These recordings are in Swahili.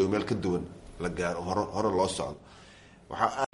joog meel ka duwan la gaaro hore loo socdo waxaa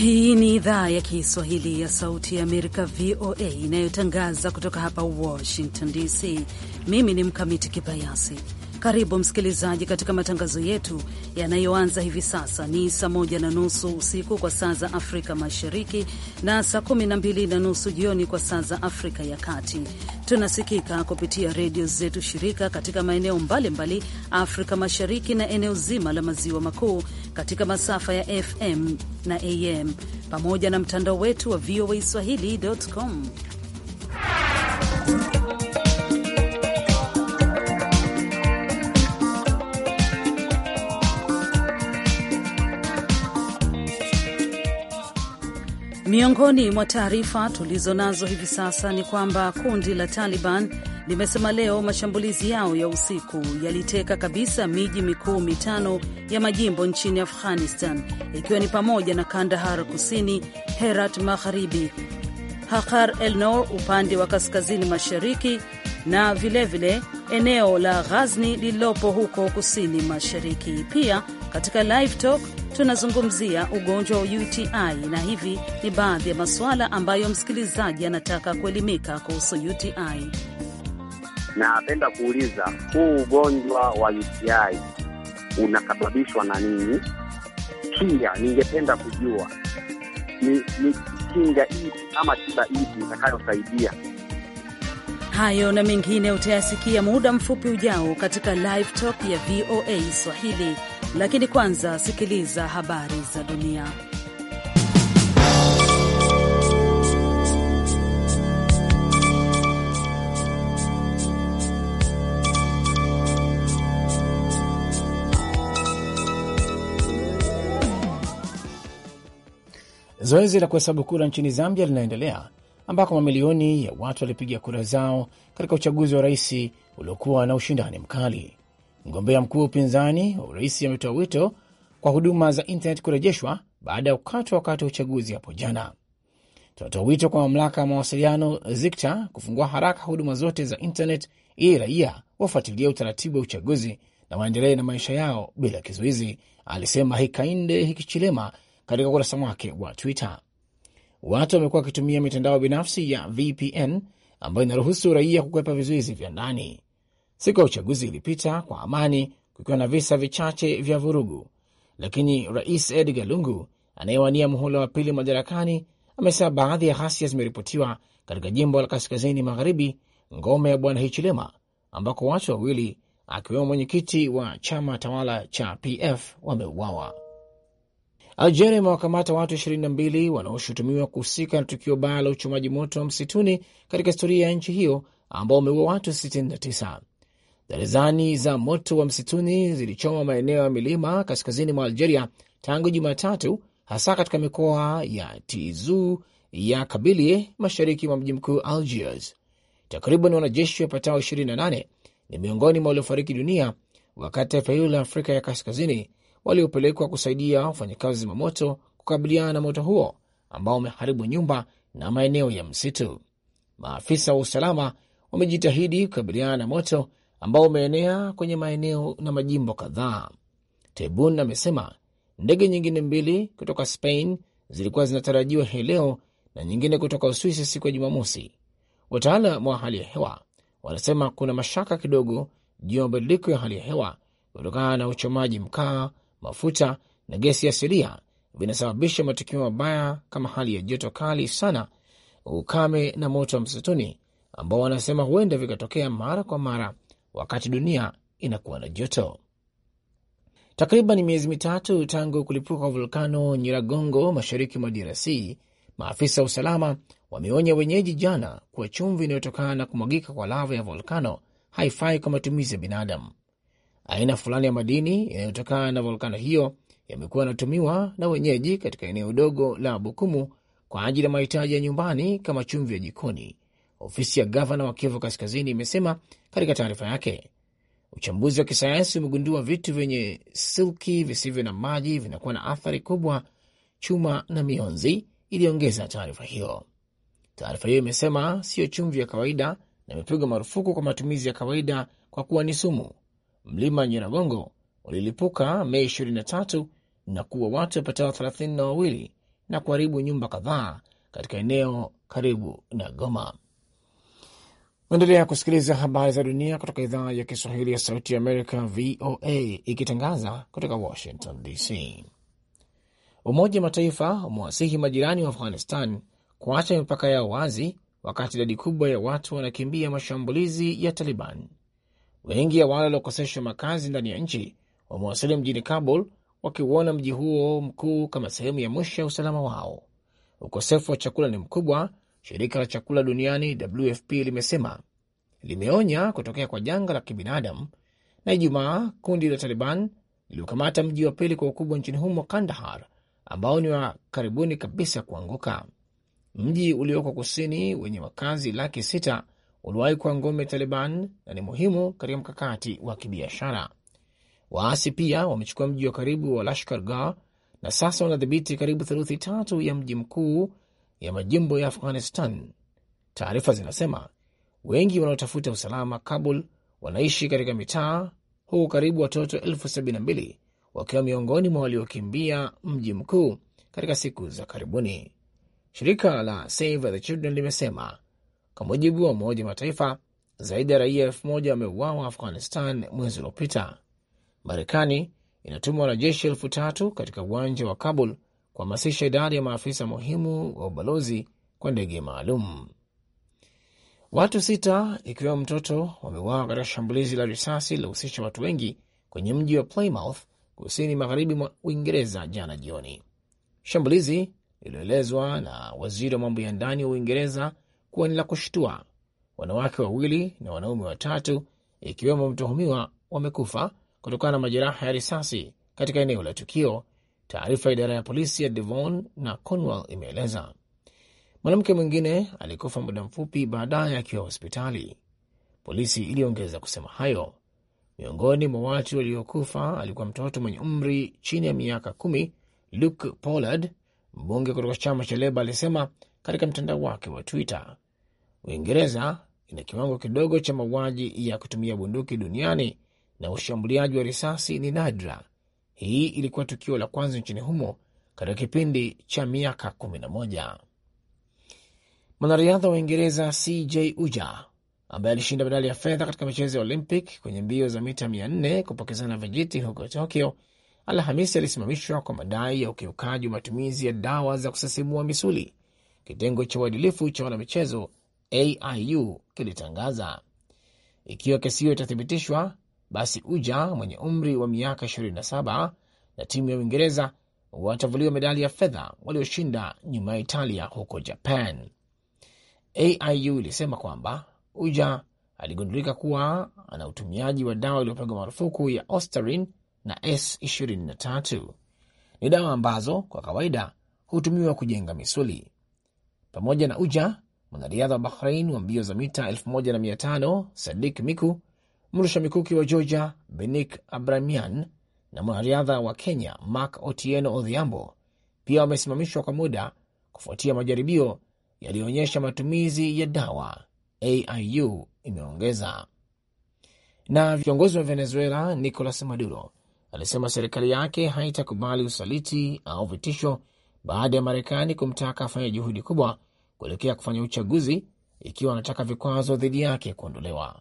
Hii ni idhaa ya Kiswahili ya Sauti ya Amerika, VOA, inayotangaza kutoka hapa Washington DC. Mimi ni Mkamiti Kibayasi karibu msikilizaji katika matangazo yetu yanayoanza hivi sasa. Ni saa moja na nusu usiku kwa saa za Afrika Mashariki na saa kumi na mbili na nusu jioni kwa saa za Afrika ya Kati. Tunasikika kupitia redio zetu shirika katika maeneo mbalimbali Afrika Mashariki na eneo zima la Maziwa Makuu katika masafa ya FM na AM pamoja na mtandao wetu wa VOA swahili.com Miongoni mwa taarifa tulizo nazo hivi sasa ni kwamba kundi la Taliban limesema leo mashambulizi yao ya usiku yaliteka kabisa miji mikuu mitano ya majimbo nchini Afghanistan, ikiwa ni pamoja na Kandahar Kusini, Herat Magharibi, Hakar el nor upande wa kaskazini mashariki na vilevile vile eneo la Ghazni lililopo huko kusini mashariki. Pia katika Live Talk tunazungumzia ugonjwa wa UTI na hivi ni baadhi ya masuala ambayo msikilizaji anataka kuelimika kuhusu UTI. Napenda kuuliza huu ugonjwa wa UTI unasababishwa na nini? Pia ningependa kujua ni, ni kinga ipi ama tiba ipi itakayosaidia hayo na mengine utayasikia muda mfupi ujao katika Live Talk ya VOA Swahili lakini kwanza sikiliza habari za dunia. Zoezi la kuhesabu kura nchini Zambia linaendelea ambako mamilioni ya watu walipiga kura zao katika uchaguzi wa rais uliokuwa na ushindani mkali. Mgombea mkuu wa upinzani wa urais ametoa wito kwa huduma za intnet kurejeshwa baada ya kukatwa wakati wa uchaguzi hapo jana. Tunatoa wito kwa mamlaka ya mawasiliano ZICTA kufungua haraka huduma zote za intnet ili raia wafuatilia utaratibu wa uchaguzi na waendelee na maisha yao bila kizuizi, alisema hikainde Hichilema katika ukurasa wake wa Twitter. Watu wamekuwa wakitumia mitandao binafsi ya VPN ambayo inaruhusu raia kukwepa vizuizi vya ndani. Siku ya uchaguzi ilipita kwa amani, kukiwa na visa vichache vya vurugu, lakini rais Edgar Lungu anayewania muhula wa pili madarakani amesema baadhi ya ghasia zimeripotiwa katika jimbo la kaskazini magharibi, ngome ya bwana Hichilema, ambako watu wawili akiwemo mwenyekiti wa chama tawala cha PF wameuawa. Algeria imewakamata watu 22 wanaoshutumiwa kuhusika na tukio baya la uchomaji moto msituni katika historia ya nchi hiyo ambao wameua watu 69 darizani za moto wa msituni zilichoma maeneo ya milima kaskazini mwa Algeria tangu Jumatatu, hasa katika mikoa ya Tizu ya Kabilie, mashariki mwa mji mkuu Algiers. Takriban wanajeshi wapatao 28 ni miongoni mwa waliofariki dunia wakati taifa hilo la Afrika ya kaskazini waliopelekwa kusaidia wafanyakazi wa moto kukabiliana na moto huo ambao umeharibu nyumba na maeneo ya msitu. Maafisa wa usalama wamejitahidi kukabiliana na moto ambao umeenea kwenye maeneo na majimbo kadhaa. Tebun amesema ndege nyingine mbili kutoka Spain zilikuwa zinatarajiwa hii leo na nyingine kutoka Uswisi siku ya Jumamosi. Wataalam wa hali ya hewa wanasema kuna mashaka kidogo juu ya mabadiliko ya hali ya hewa kutokana na uchomaji mkaa, mafuta na gesi asilia vinasababisha matukio mabaya kama hali ya joto kali sana, ukame na moto wa msituni ambao wanasema huenda vikatokea mara kwa mara wakati dunia inakuwa na joto. Takriban miezi mitatu tangu kulipuka kwa volkano Nyiragongo mashariki mwa DRC, maafisa wa usalama wameonya wenyeji jana kuwa chumvi inayotokana na kumwagika kwa lava ya volkano haifai kwa matumizi ya binadamu. Aina fulani ya madini yanayotokana na volkano hiyo yamekuwa yanatumiwa na wenyeji katika eneo dogo la Bukumu kwa ajili ya mahitaji ya nyumbani kama chumvi ya jikoni, ofisi ya gavana wa Kivu Kaskazini imesema katika taarifa yake. Uchambuzi wa kisayansi umegundua vitu vyenye silki visivyo na maji vinakuwa na athari kubwa, chuma na mionzi, iliongeza taarifa hiyo. Taarifa hiyo imesema siyo chumvi ya kawaida na imepigwa marufuku kwa matumizi ya kawaida kwa kuwa ni sumu. Mlima Nyiragongo ulilipuka Mei 23 na kuwa watu wapatao thelathini na wawili na kuharibu nyumba kadhaa katika eneo karibu na Goma. Endelea kusikiliza habari za dunia kutoka idhaa ya Kiswahili ya Sauti ya Amerika, VOA, ikitangaza kutoka Washington DC. Umoja wa Mataifa umewasihi majirani wa Afghanistan kuacha mipaka yao wazi, wakati idadi kubwa ya watu wanakimbia mashambulizi ya Taliban. Wengi ya wale waliokoseshwa makazi ndani ya nchi wamewasili mjini Kabul, wakiuona mji huo mkuu kama sehemu ya mwisho ya usalama wao. Ukosefu wa chakula ni mkubwa Shirika la chakula duniani WFP limesema limeonya kutokea kwa janga la kibinadamu. Na Ijumaa kundi la Taliban liliokamata mji wa pili kwa ukubwa nchini humo, Kandahar, ambao ni wa karibuni kabisa kuanguka. Mji ulioko kusini wenye wakazi laki sita uliwahi kuwa ngome Taliban na ni muhimu katika mkakati wa kibiashara. Waasi pia wamechukua mji wa karibu wa Lashkar Gah na sasa wanadhibiti karibu theluthi tatu ya mji mkuu ya majimbo ya Afghanistan. Taarifa zinasema wengi wanaotafuta usalama Kabul wanaishi katika mitaa, huku karibu watoto elfu sabini na mbili wakiwa miongoni mwa waliokimbia mji mkuu katika siku za karibuni. Shirika la Save the Children limesema kwa mujibu wa Umoja Mataifa, zaidi ya raia elfu moja wameuawa Afghanistan mwezi uliopita. Marekani inatuma wanajeshi elfu tatu katika uwanja wa Kabul kuhamasisha idadi ya maafisa muhimu wa ubalozi kwa ndege maalum. Watu sita ikiwemo mtoto wameuawa katika shambulizi la risasi lilohusisha watu wengi kwenye mji wa Plymouth kusini magharibi mwa Uingereza jana jioni, shambulizi lililoelezwa na waziri wa mambo ya ndani wa Uingereza kuwa ni la kushtua. Wanawake wawili na wanaume watatu ikiwemo mtuhumiwa wamekufa kutokana na majeraha ya risasi katika eneo la tukio, Taarifa ya idara ya polisi ya Devon na Cornwall imeeleza mwanamke mwingine alikufa muda mfupi baadaye akiwa hospitali. Polisi iliongeza kusema hayo. Miongoni mwa watu waliokufa alikuwa mtoto mwenye umri chini ya miaka kumi. Luke Pollard, mbunge kutoka chama cha Leba, alisema katika mtandao wake wa Twitter, Uingereza ina kiwango kidogo cha mauaji ya kutumia bunduki duniani na ushambuliaji wa risasi ni nadra hii ilikuwa tukio la kwanza nchini humo katika kipindi cha miaka kumi na moja. Mwanariadha wa Uingereza CJ Uja ambaye alishinda medali ya fedha katika michezo ya Olympic kwenye mbio za mita 400 kupokezana vijiti huko Tokyo Alhamisi alisimamishwa kwa madai ya ukiukaji wa matumizi ya dawa za kusisimua misuli. Kitengo cha uadilifu cha wanamichezo AIU kilitangaza, ikiwa kesi hiyo itathibitishwa, basi Uja mwenye umri wa miaka 27 na timu ya Uingereza watavuliwa medali ya fedha walioshinda nyuma ya Italia huko Japan. AIU ilisema kwamba Uja aligundulika kuwa ana utumiaji wa dawa iliyopigwa marufuku ya Ostarin na S23. Ni dawa ambazo kwa kawaida hutumiwa kujenga misuli. Pamoja na Uja, mwanariadha wa Bahrain wa mbio za mita 1500 Sadik Miku mrusha mikuki wa Georgia Benik Abramian na mwanariadha wa Kenya Mark Otieno Odhiambo pia wamesimamishwa kwa muda kufuatia majaribio yaliyoonyesha matumizi ya dawa, AIU imeongeza. Na viongozi wa Venezuela Nicolas Maduro alisema serikali yake haitakubali usaliti au vitisho baada ya Marekani kumtaka afanye juhudi kubwa kuelekea kufanya uchaguzi ikiwa anataka vikwazo dhidi yake kuondolewa.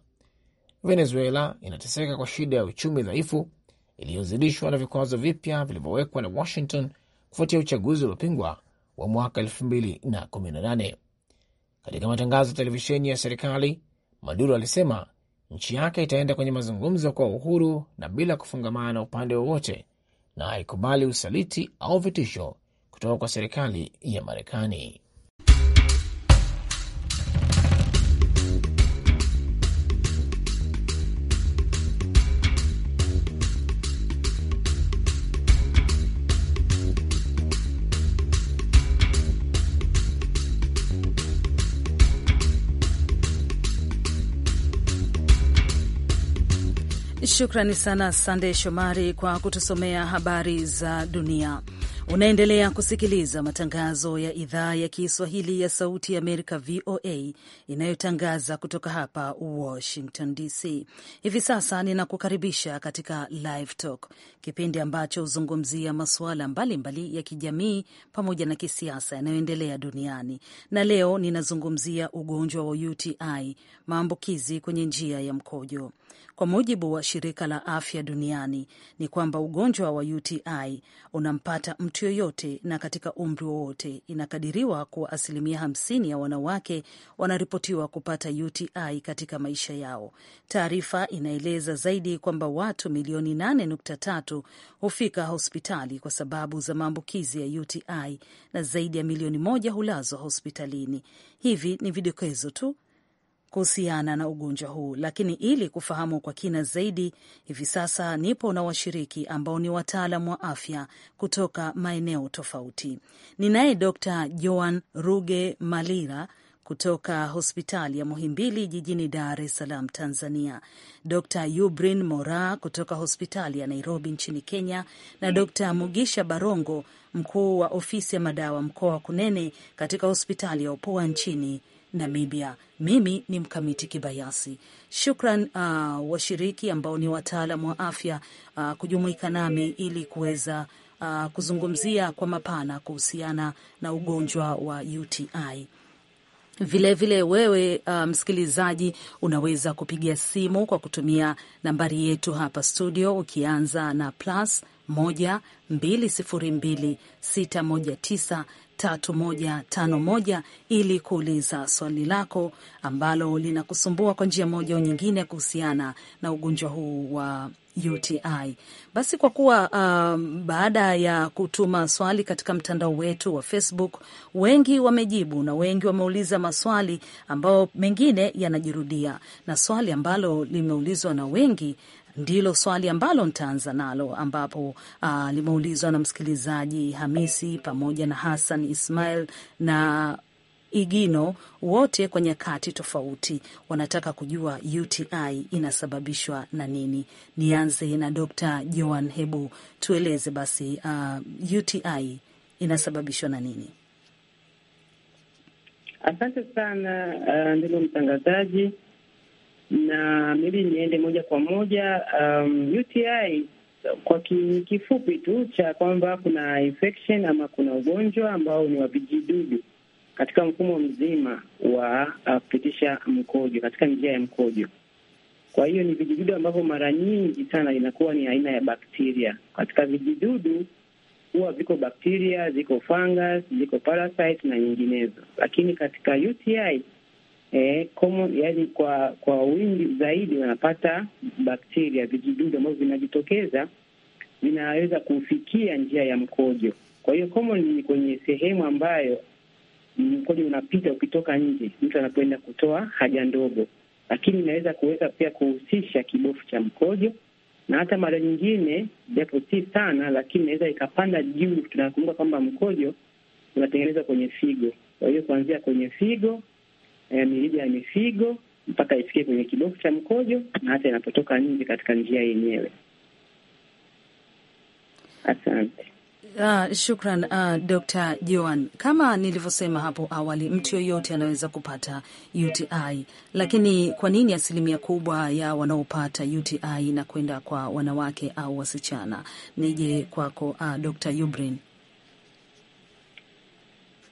Venezuela inateseka kwa shida ya uchumi dhaifu iliyozidishwa na vikwazo vipya vilivyowekwa na Washington kufuatia uchaguzi uliopingwa wa mwaka 2018. Katika matangazo ya televisheni ya serikali, Maduro alisema nchi yake itaenda kwenye mazungumzo kwa uhuru na bila kufungamana na upande wowote na haikubali usaliti au vitisho kutoka kwa serikali ya Marekani. Shukrani sana Sandey Shomari kwa kutusomea habari za dunia. Unaendelea kusikiliza matangazo ya idhaa ya Kiswahili ya Sauti ya Amerika, VOA, inayotangaza kutoka hapa Washington DC. Hivi sasa ninakukaribisha katika Live Talk, kipindi ambacho huzungumzia masuala mbalimbali ya kijamii pamoja na kisiasa yanayoendelea duniani, na leo ninazungumzia ugonjwa wa UTI, maambukizi kwenye njia ya mkojo. Kwa mujibu wa shirika la afya duniani, ni kwamba ugonjwa wa UTI unampata mtu yoyote na katika umri wowote. Inakadiriwa kuwa asilimia 50 ya wanawake wanaripotiwa kupata UTI katika maisha yao. Taarifa inaeleza zaidi kwamba watu milioni 8.3 hufika hospitali kwa sababu za maambukizi ya UTI na zaidi ya milioni moja hulazwa hospitalini. Hivi ni vidokezo tu kuhusiana na ugonjwa huu, lakini ili kufahamu kwa kina zaidi, hivi sasa nipo na washiriki ambao ni wataalam wa afya kutoka maeneo tofauti. Ninaye Dr. Joan Ruge Malira kutoka hospitali ya Muhimbili jijini Dar es Salaam, Tanzania, Dr. Yubrin Mora kutoka hospitali ya Nairobi nchini Kenya, na Dr. Mugisha Barongo, mkuu wa ofisi ya madawa mkoa wa Kunene katika hospitali ya Upoa nchini Namibia. Mimi ni Mkamiti Kibayasi. Shukran uh, washiriki ambao ni wataalam wa afya uh, kujumuika nami ili kuweza uh, kuzungumzia kwa mapana kuhusiana na ugonjwa wa UTI. Vilevile vile wewe uh, msikilizaji unaweza kupiga simu kwa kutumia nambari yetu hapa studio ukianza na plus 1 202 619 3151 ili kuuliza swali lako ambalo linakusumbua kwa njia moja au nyingine kuhusiana na ugonjwa huu wa UTI. Basi kwa kuwa um, baada ya kutuma swali katika mtandao wetu wa Facebook, wengi wamejibu na wengi wameuliza maswali ambayo mengine yanajirudia, na swali ambalo limeulizwa na wengi ndilo swali ambalo nitaanza nalo, ambapo uh, limeulizwa na msikilizaji Hamisi pamoja na Hassan Ismail na Igino wote kwa nyakati tofauti wanataka kujua UTI inasababishwa na nini. Nianze na Dr. Joan, hebu tueleze basi, uh, ah, UTI inasababishwa na nini? Asante sana uh, ndugu mtangazaji na maybe niende moja kwa moja um, UTI kwa kifupi tu cha kwamba kuna infection ama kuna ugonjwa ambao ni wa vijidudu katika mfumo mzima wa uh, kupitisha mkojo katika njia ya mkojo. Kwa hiyo ni vijidudu ambavyo mara nyingi sana inakuwa ni aina ya bakteria. Katika vijidudu huwa viko bakteria, ziko fungus, ziko parasite na nyinginezo, lakini katika UTI eh, komo, yani kwa kwa wingi zaidi wanapata bakteria, vijidudu ambavyo vinajitokeza vinaweza kufikia njia ya mkojo. Kwa hiyo komo ni kwenye sehemu ambayo mkojo unapita ukitoka nje, mtu anapoenda kutoa haja ndogo, lakini inaweza kuweza pia kuhusisha kibofu cha mkojo na hata mara nyingine, japo si sana, lakini inaweza ikapanda juu. Tunakumbuka kwamba mkojo unatengenezwa kwenye figo, kwa hiyo kuanzia kwenye figo eh, mirija ya mifigo mpaka ifikie kwenye kibofu cha mkojo na hata inapotoka nje katika njia yenyewe. Asante. Uh, shukran uh, ah, Dr. Joan. Kama nilivyosema hapo awali, mtu yoyote anaweza kupata UTI, lakini kwa nini asilimia kubwa ya wanaopata UTI na kwenda kwa wanawake au wasichana? Nije kwako, uh, ah, Dr. Yubrin.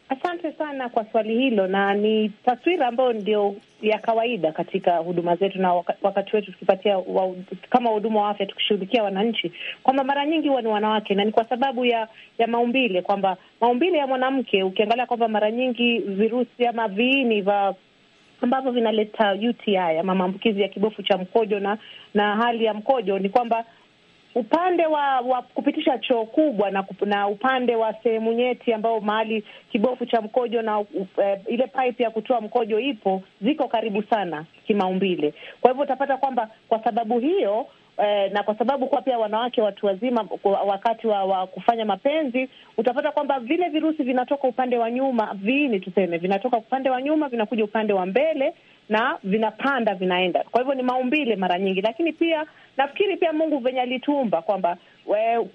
Asante sana kwa swali hilo, na ni taswira ambayo ndio ya kawaida katika huduma zetu na wakati wetu tukipatia wa, kama wahudumu wa afya tukishughulikia wananchi, kwamba mara nyingi huwa ni wanawake, na ni kwa sababu ya ya maumbile, kwamba maumbile ya mwanamke, ukiangalia kwamba mara nyingi virusi ama viini va ambavyo vinaleta UTI ama maambukizi ya kibofu cha mkojo na na hali ya mkojo ni kwamba upande wa, wa kupitisha choo kubwa na, na upande wa sehemu nyeti ambayo mahali kibofu cha mkojo na uh, ile pipe ya kutoa mkojo ipo ziko karibu sana kimaumbile. Kwa hivyo utapata kwamba kwa sababu hiyo eh, na kwa sababu kuwa pia wanawake watu wazima wakati wa, wa kufanya mapenzi utapata kwamba vile virusi vinatoka upande wa nyuma, viini tuseme, vinatoka upande wa nyuma vinakuja upande wa mbele na vinapanda vinaenda. Kwa hivyo ni maumbile mara nyingi, lakini pia nafikiri pia Mungu venye alituumba kwamba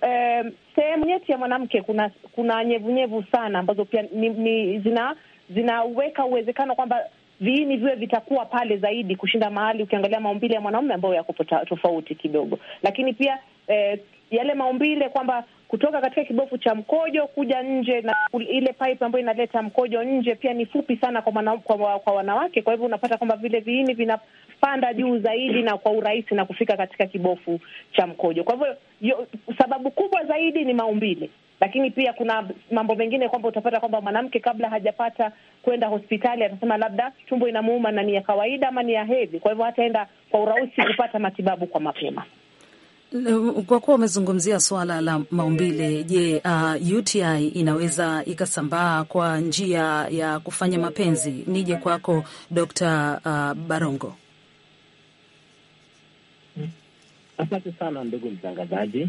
e, sehemu nyeti ya mwanamke kuna kuna nyevunyevu sana ambazo pia ni, ni zina zinaweka uwezekano kwamba viini viwe vitakuwa pale zaidi kushinda mahali, ukiangalia maumbile ya mwanaume ambayo yako tofauti kidogo, lakini pia eh, yale maumbile kwamba kutoka katika kibofu cha mkojo kuja nje na ile pipe ambayo inaleta mkojo nje pia ni fupi sana kwa, mana, kwa, kwa wanawake. Kwa hivyo unapata kwamba vile viini vinapanda juu zaidi na kwa urahisi na kufika katika kibofu cha mkojo. Kwa hivyo sababu kubwa zaidi ni maumbile, lakini pia kuna mambo mengine kwamba utapata kwamba mwanamke kabla hajapata kwenda hospitali atasema labda tumbo inamuuma na ni ya kawaida ama ni ya hedhi, kwa hivyo hataenda kwa urahisi kupata matibabu kwa mapema. Eh, kwa kuwa umezungumzia suala la maumbile, je, uh, UTI inaweza ikasambaa kwa njia ya kufanya mapenzi? Nije kwako Dr. uh, Barongo. Asante sana ndugu mtangazaji.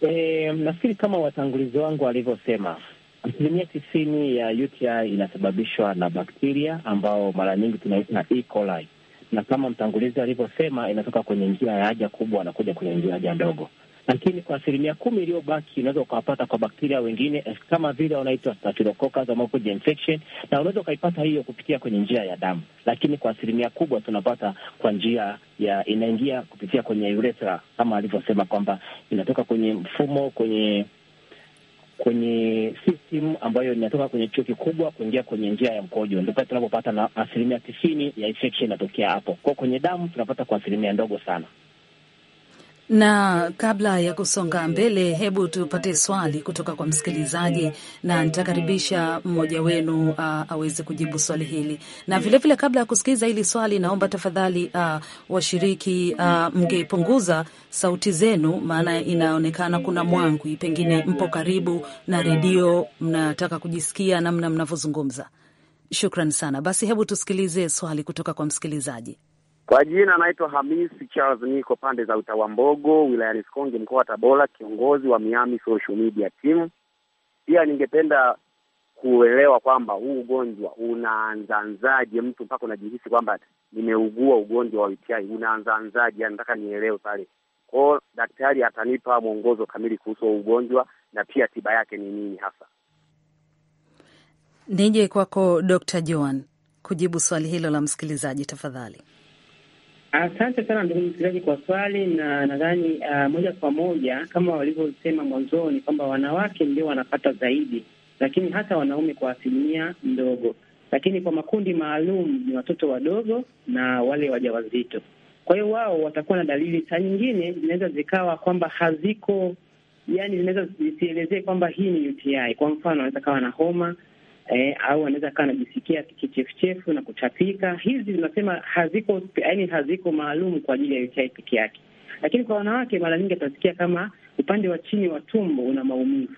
E, nafikiri kama watangulizi wangu walivyosema, asilimia tisini ya UTI inasababishwa na bakteria ambao mara nyingi tunaita E. coli na kama mtangulizi alivyosema, inatoka kwenye njia ya haja kubwa na kuja kwenye njia ya haja ndogo. Lakini kwa asilimia kumi iliyobaki unaweza ukawapata kwa bakteria wengine eh, kama vile wanaitwa staphylococcus au infection, na unaweza ukaipata hiyo kupitia kwenye njia ya damu, lakini kwa asilimia kubwa tunapata kwa njia ya inaingia kupitia kwenye urethra, kama alivyosema kwamba inatoka kwenye mfumo kwenye kwenye system ambayo inatoka kwenye chuo kikubwa kuingia kwenye njia ya mkojo, pale tunapopata na asilimia tisini ya infection inatokea hapo. Kwa kwenye damu tunapata kwa asilimia ndogo sana. Na kabla ya kusonga mbele, hebu tupate swali kutoka kwa msikilizaji, na nitakaribisha mmoja wenu uh, aweze kujibu swali hili. Na vilevile vile kabla ya kusikiliza hili swali, naomba tafadhali uh, washiriki uh, mgepunguza sauti zenu, maana inaonekana kuna mwangwi, pengine mpo karibu na redio, mnataka kujisikia namna mnavyozungumza. Shukran sana. Basi hebu tusikilize swali kutoka kwa msikilizaji. Kwa jina anaitwa Hamisi Charles, niko pande za Utawa Mbogo wilayani Sikonge mkoa wa Tabora, kiongozi wa Miami Social Media Team. Pia ningependa kuelewa kwamba huu ugonjwa unaanzaanzaje, mtu mpaka unajihisi kwamba nimeugua ugonjwa wa UTI unaanzaanzaje? Nataka nielewe pale kwao, daktari atanipa mwongozo kamili kuhusu ugonjwa na pia tiba yake ni nini hasa. Nije kwako Dr. Joan kujibu swali hilo la msikilizaji tafadhali. Asante sana ndugu msikilizaji kwa swali, na nadhani uh, moja kwa moja kama walivyosema mwanzoni kwamba wanawake ndio wanapata zaidi, lakini hata wanaume kwa asilimia ndogo, lakini kwa makundi maalum ni watoto wadogo na wale wajawazito. Kwa hiyo wao watakuwa na dalili, saa nyingine zinaweza zikawa kwamba haziko, yani zinaweza zisielezee kwamba hii ni UTI. Kwa mfano, anaweza kawa na homa eh, au anaweza kaa anajisikia kichefuchefu na kuchapika. Hizi zinasema haziko yaani, haziko maalum kwa ajili ya UTI peke yake, lakini kwa wanawake mara nyingi atasikia kama upande wa chini wa tumbo una maumivu,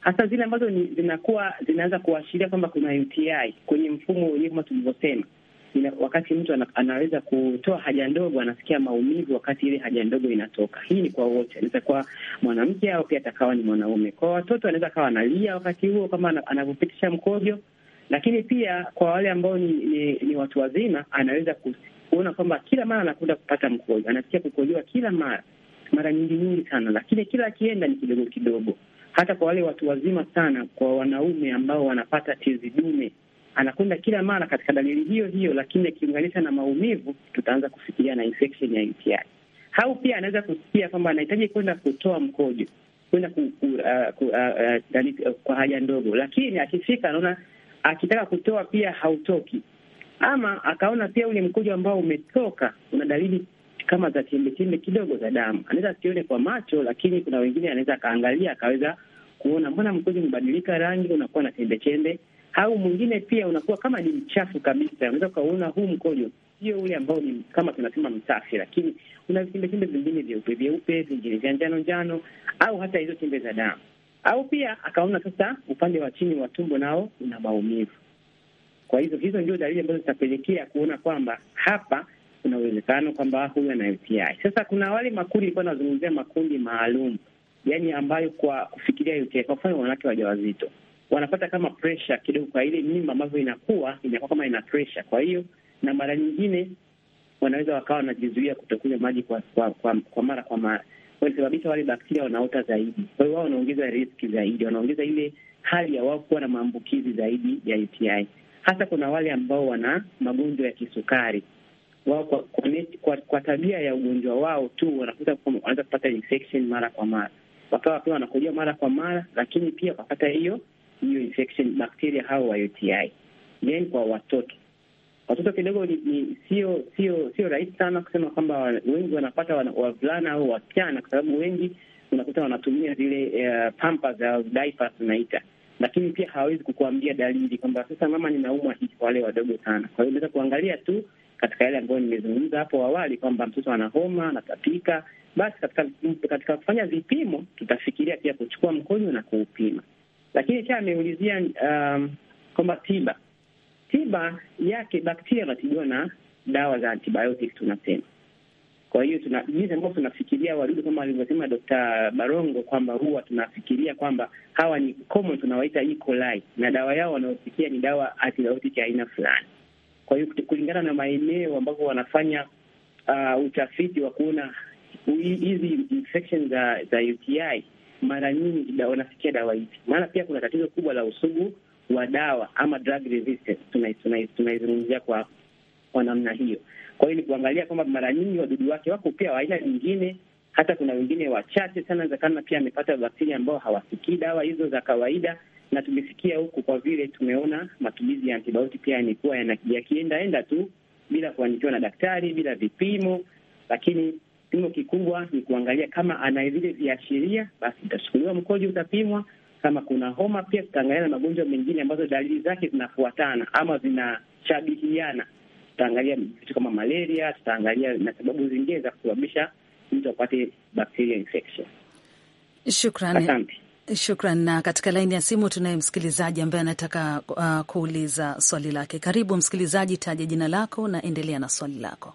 hasa zile ambazo zinakuwa zinaanza kuashiria kwamba kuna UTI kwenye mfumo wenyewe kama tulivyosema ina, wakati mtu ana, anaweza kutoa haja ndogo anasikia maumivu wakati ile haja ndogo inatoka. Hii ni kwa wote, anaweza kuwa mwanamke au pia atakawa ni mwanaume. Kwa watoto anaweza kawa analia wakati huo kama anavyopitisha mkojo, lakini pia kwa wale ambao ni, ni, ni watu wazima anaweza kuona kwamba kila mara anakwenda kupata mkojo, anasikia kukojoa kila mara mara nyingi nyingi sana, lakini kila akienda ni kidogo kidogo. Hata kwa wale watu wazima sana, kwa wanaume ambao wanapata tezi dume anakwenda kila mara katika dalili hiyo hiyo, lakini akiunganisha na maumivu, tutaanza kufikiria na infection ya UTI. Au pia anaweza kusikia kwamba anahitaji kwenda kutoa mkojo, kwenda ku, ku, uh, ku, uh, uh, uh, kwa haja ndogo, lakini akifika anaona akitaka kutoa pia hautoki, ama akaona pia ule mkojo ambao umetoka una dalili kama za chembe kidogo za damu. Anaweza asione kwa macho, lakini kuna wengine anaweza akaangalia akaweza kuona, mbona mkojo umebadilika rangi, unakuwa na chembe chembe au mwingine pia unakuwa kama ni mchafu kabisa, unaweza ukaona huu mkojo sio ule ambao ni kama tunasema msafi, lakini una vichembechembe vingine vyeupe vyeupe, vingine vya njano njano, au hata hizo chimbe za damu, au pia akaona sasa upande wa chini wa tumbo nao una maumivu. Kwa hizo hizo ndio dalili ambazo zitapelekea kuona kwamba hapa kuna uwezekano kwamba huyu ana UTI. Sasa kuna wale makundi, nilikuwa nazungumzia makundi maalum, yani ambayo kwa kufikiria UTI, kwa mfano wanawake wajawazito wanapata kama pressure kidogo, kwa ile mimba ambavyo inakuwa inakuwa kama ina pressure. Kwa hiyo na mara nyingine wanaweza wakawa wanajizuia kutokunywa maji kwa, kwa, kwa, kwa mara kwa mara, wanasababisha wale bakteria wanaota zaidi. Kwa hiyo wao wanaongeza riski zaidi, wanaongeza ile hali ya wao kuwa na maambukizi zaidi ya UTI. Hasa kuna wale ambao wana magonjwa ya kisukari wao kwa, kwa, kwa tabia ya ugonjwa wao tu wanakuta wanaweza kupata infection mara kwa mara, wakawa pia wanakojoa mara kwa mara, lakini pia wakapata hiyo hiyo infection bakteria hao wa UTI. Then kwa watoto, watoto kidogo ni, ni sio sio sio rahisi sana kusema kwamba wengi wanapata wavulana au wasichana, kwa sababu wengi unakuta wanatumia zile uh, eh, pampers au diapers tunaita, lakini pia hawawezi kukuambia dalili kwamba sasa mama ninaumwa hii, kwa wale wadogo sana. Kwa hiyo unaweza kuangalia tu katika yale ambayo nimezungumza hapo awali kwamba mtoto ana homa, anatapika, basi katika katika kufanya vipimo tutafikiria pia kuchukua mkojo na kuupima. Lakini pia ameulizia um, kwamba tiba tiba yake bakteria wanatibiwa na dawa za antibiotics tunasema. Kwa hiyo tuna jinsi ambavyo tunafikiria wadudu kama alivyosema Dkt. Barongo kwamba huwa tunafikiria kwamba hawa ni common, tunawaita E. coli na dawa yao wanaofikia ni dawa antibiotic ya aina fulani. Kwa hiyo kulingana na maeneo ambapo wanafanya uh, utafiti wa kuona hizi infection za za UTI mara nyingi wanafikia dawa hizi. Maana pia kuna tatizo kubwa la usugu wa dawa ama drug resistance, tunaizungumzia kwa kwa namna hiyo. Kwa hiyo ni kuangalia kwamba mara nyingi wadudu wake wako pia wa aina nyingine, hata kuna wengine wachache sana zakana pia amepata bakteria ambao hawafikii dawa hizo za kawaida, na tumesikia huku kwa vile tumeona matumizi ya antibiotiki pia yamekuwa yakiendaenda tu bila kuandikiwa na daktari, bila vipimo, lakini Kipimo kikubwa ni kuangalia kama ana vile viashiria, basi itachukuliwa mkojo, utapimwa. Kama kuna homa pia tutaangalia na magonjwa mengine ambazo dalili zake zinafuatana ama zinashabihiana. Tutaangalia vitu kama malaria, tutaangalia na sababu zingine za kusababisha mtu apate bacterial infection. Shukrani, asante. Shukran. Na katika laini ya simu tunaye msikilizaji ambaye anataka uh, kuuliza swali lake. Karibu msikilizaji, taja jina lako na endelea na swali lako.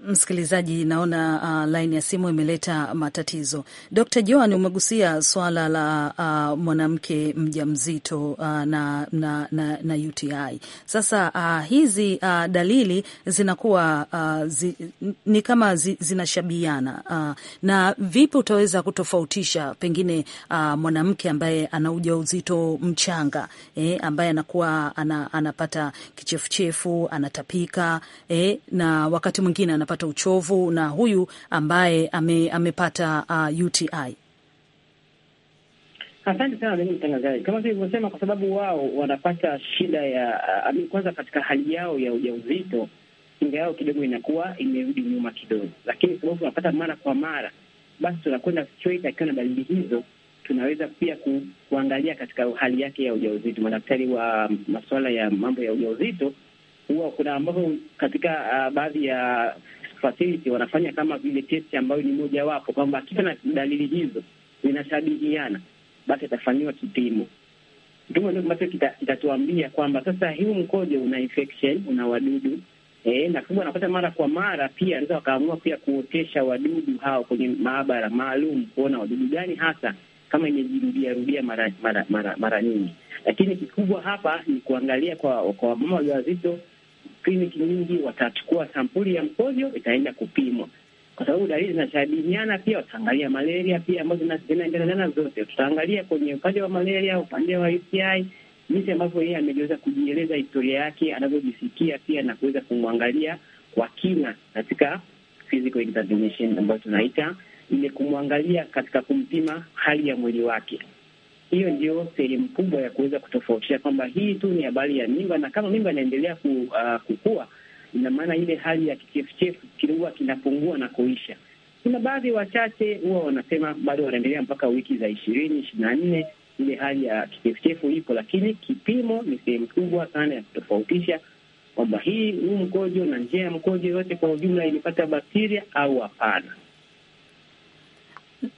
Msikilizaji, naona uh, laini ya simu imeleta matatizo. Dkt Joan, umegusia swala la uh, mwanamke mja mzito uh, na, na, na, na UTI. Sasa uh, hizi uh, dalili zinakuwa uh, zi, ni kama zi, zinashabiana uh, na vipi utaweza kutofautisha pengine uh, mwanamke ambaye ana ujauzito mchanga eh, ambaye anakuwa ana, anapata kichefuchefu anatapika eh, na wakati mwingine akapata uchovu na huyu ambaye ame, amepata uh, UTI? Asante sana mimi mtangazaji, kama nilivyosema, kwa sababu wao wanapata shida ya uh, kwanza katika hali yao ya ujauzito, kinga yao kidogo inakuwa imerudi nyuma kidogo, lakini sababu wanapata mara kwa mara, basi tunakwenda straight akiwa na dalili hizo tunaweza pia ku, kuangalia katika hali yake ya ujauzito. Madaktari wa um, masuala ya mambo ya ujauzito huwa kuna ambavyo katika uh, baadhi ya facility wanafanya kama vile kesi ambayo ni mojawapo kwamba akita na dalili hizo zinashabihiana, basi atafanyiwa kipimo. Kipimo ndio ambacho kitatuambia kwamba sasa huu mkojo una infection, una wadudu e, na kubwa anapata mara kwa mara. Pia anaweza wakaamua pia kuotesha wadudu hao kwenye maabara maalum kuona wadudu gani hasa, kama imejirudia rudia mara mara mara mara nyingi. Lakini kikubwa hapa ni kuangalia kwa kwa mama wajawazito kliniki nyingi watachukua sampuli ya mkojo itaenda kupimwa, kwa sababu dalili zinashabihiana Pia wataangalia malaria pia ambazo zinaendelezana zote, tutaangalia kwenye upande wa malaria, upande wa UTI, jinsi ambavyo yeye ameweza kujieleza historia yake anavyojisikia, pia na kuweza kumwangalia kwa kina katika physical examination ambayo tunaita ile, kumwangalia katika kumpima hali ya mwili wake. Hiyo ndio sehemu kubwa ya kuweza kutofautisha kwamba hii tu ni habari ya mimba, na kama mimba inaendelea ku, uh, kukua, ina maana ile hali ya kichefuchefu kidogo kinapungua na kuisha. Kuna baadhi wachache huwa wanasema bado wanaendelea mpaka wiki za ishirini ishirini na nne ile hali ya kichefuchefu ipo, lakini kipimo ni sehemu kubwa sana ya kutofautisha kwamba hii huu mkojo na njia ya mkojo yote kwa ujumla ilipata bakteria au hapana.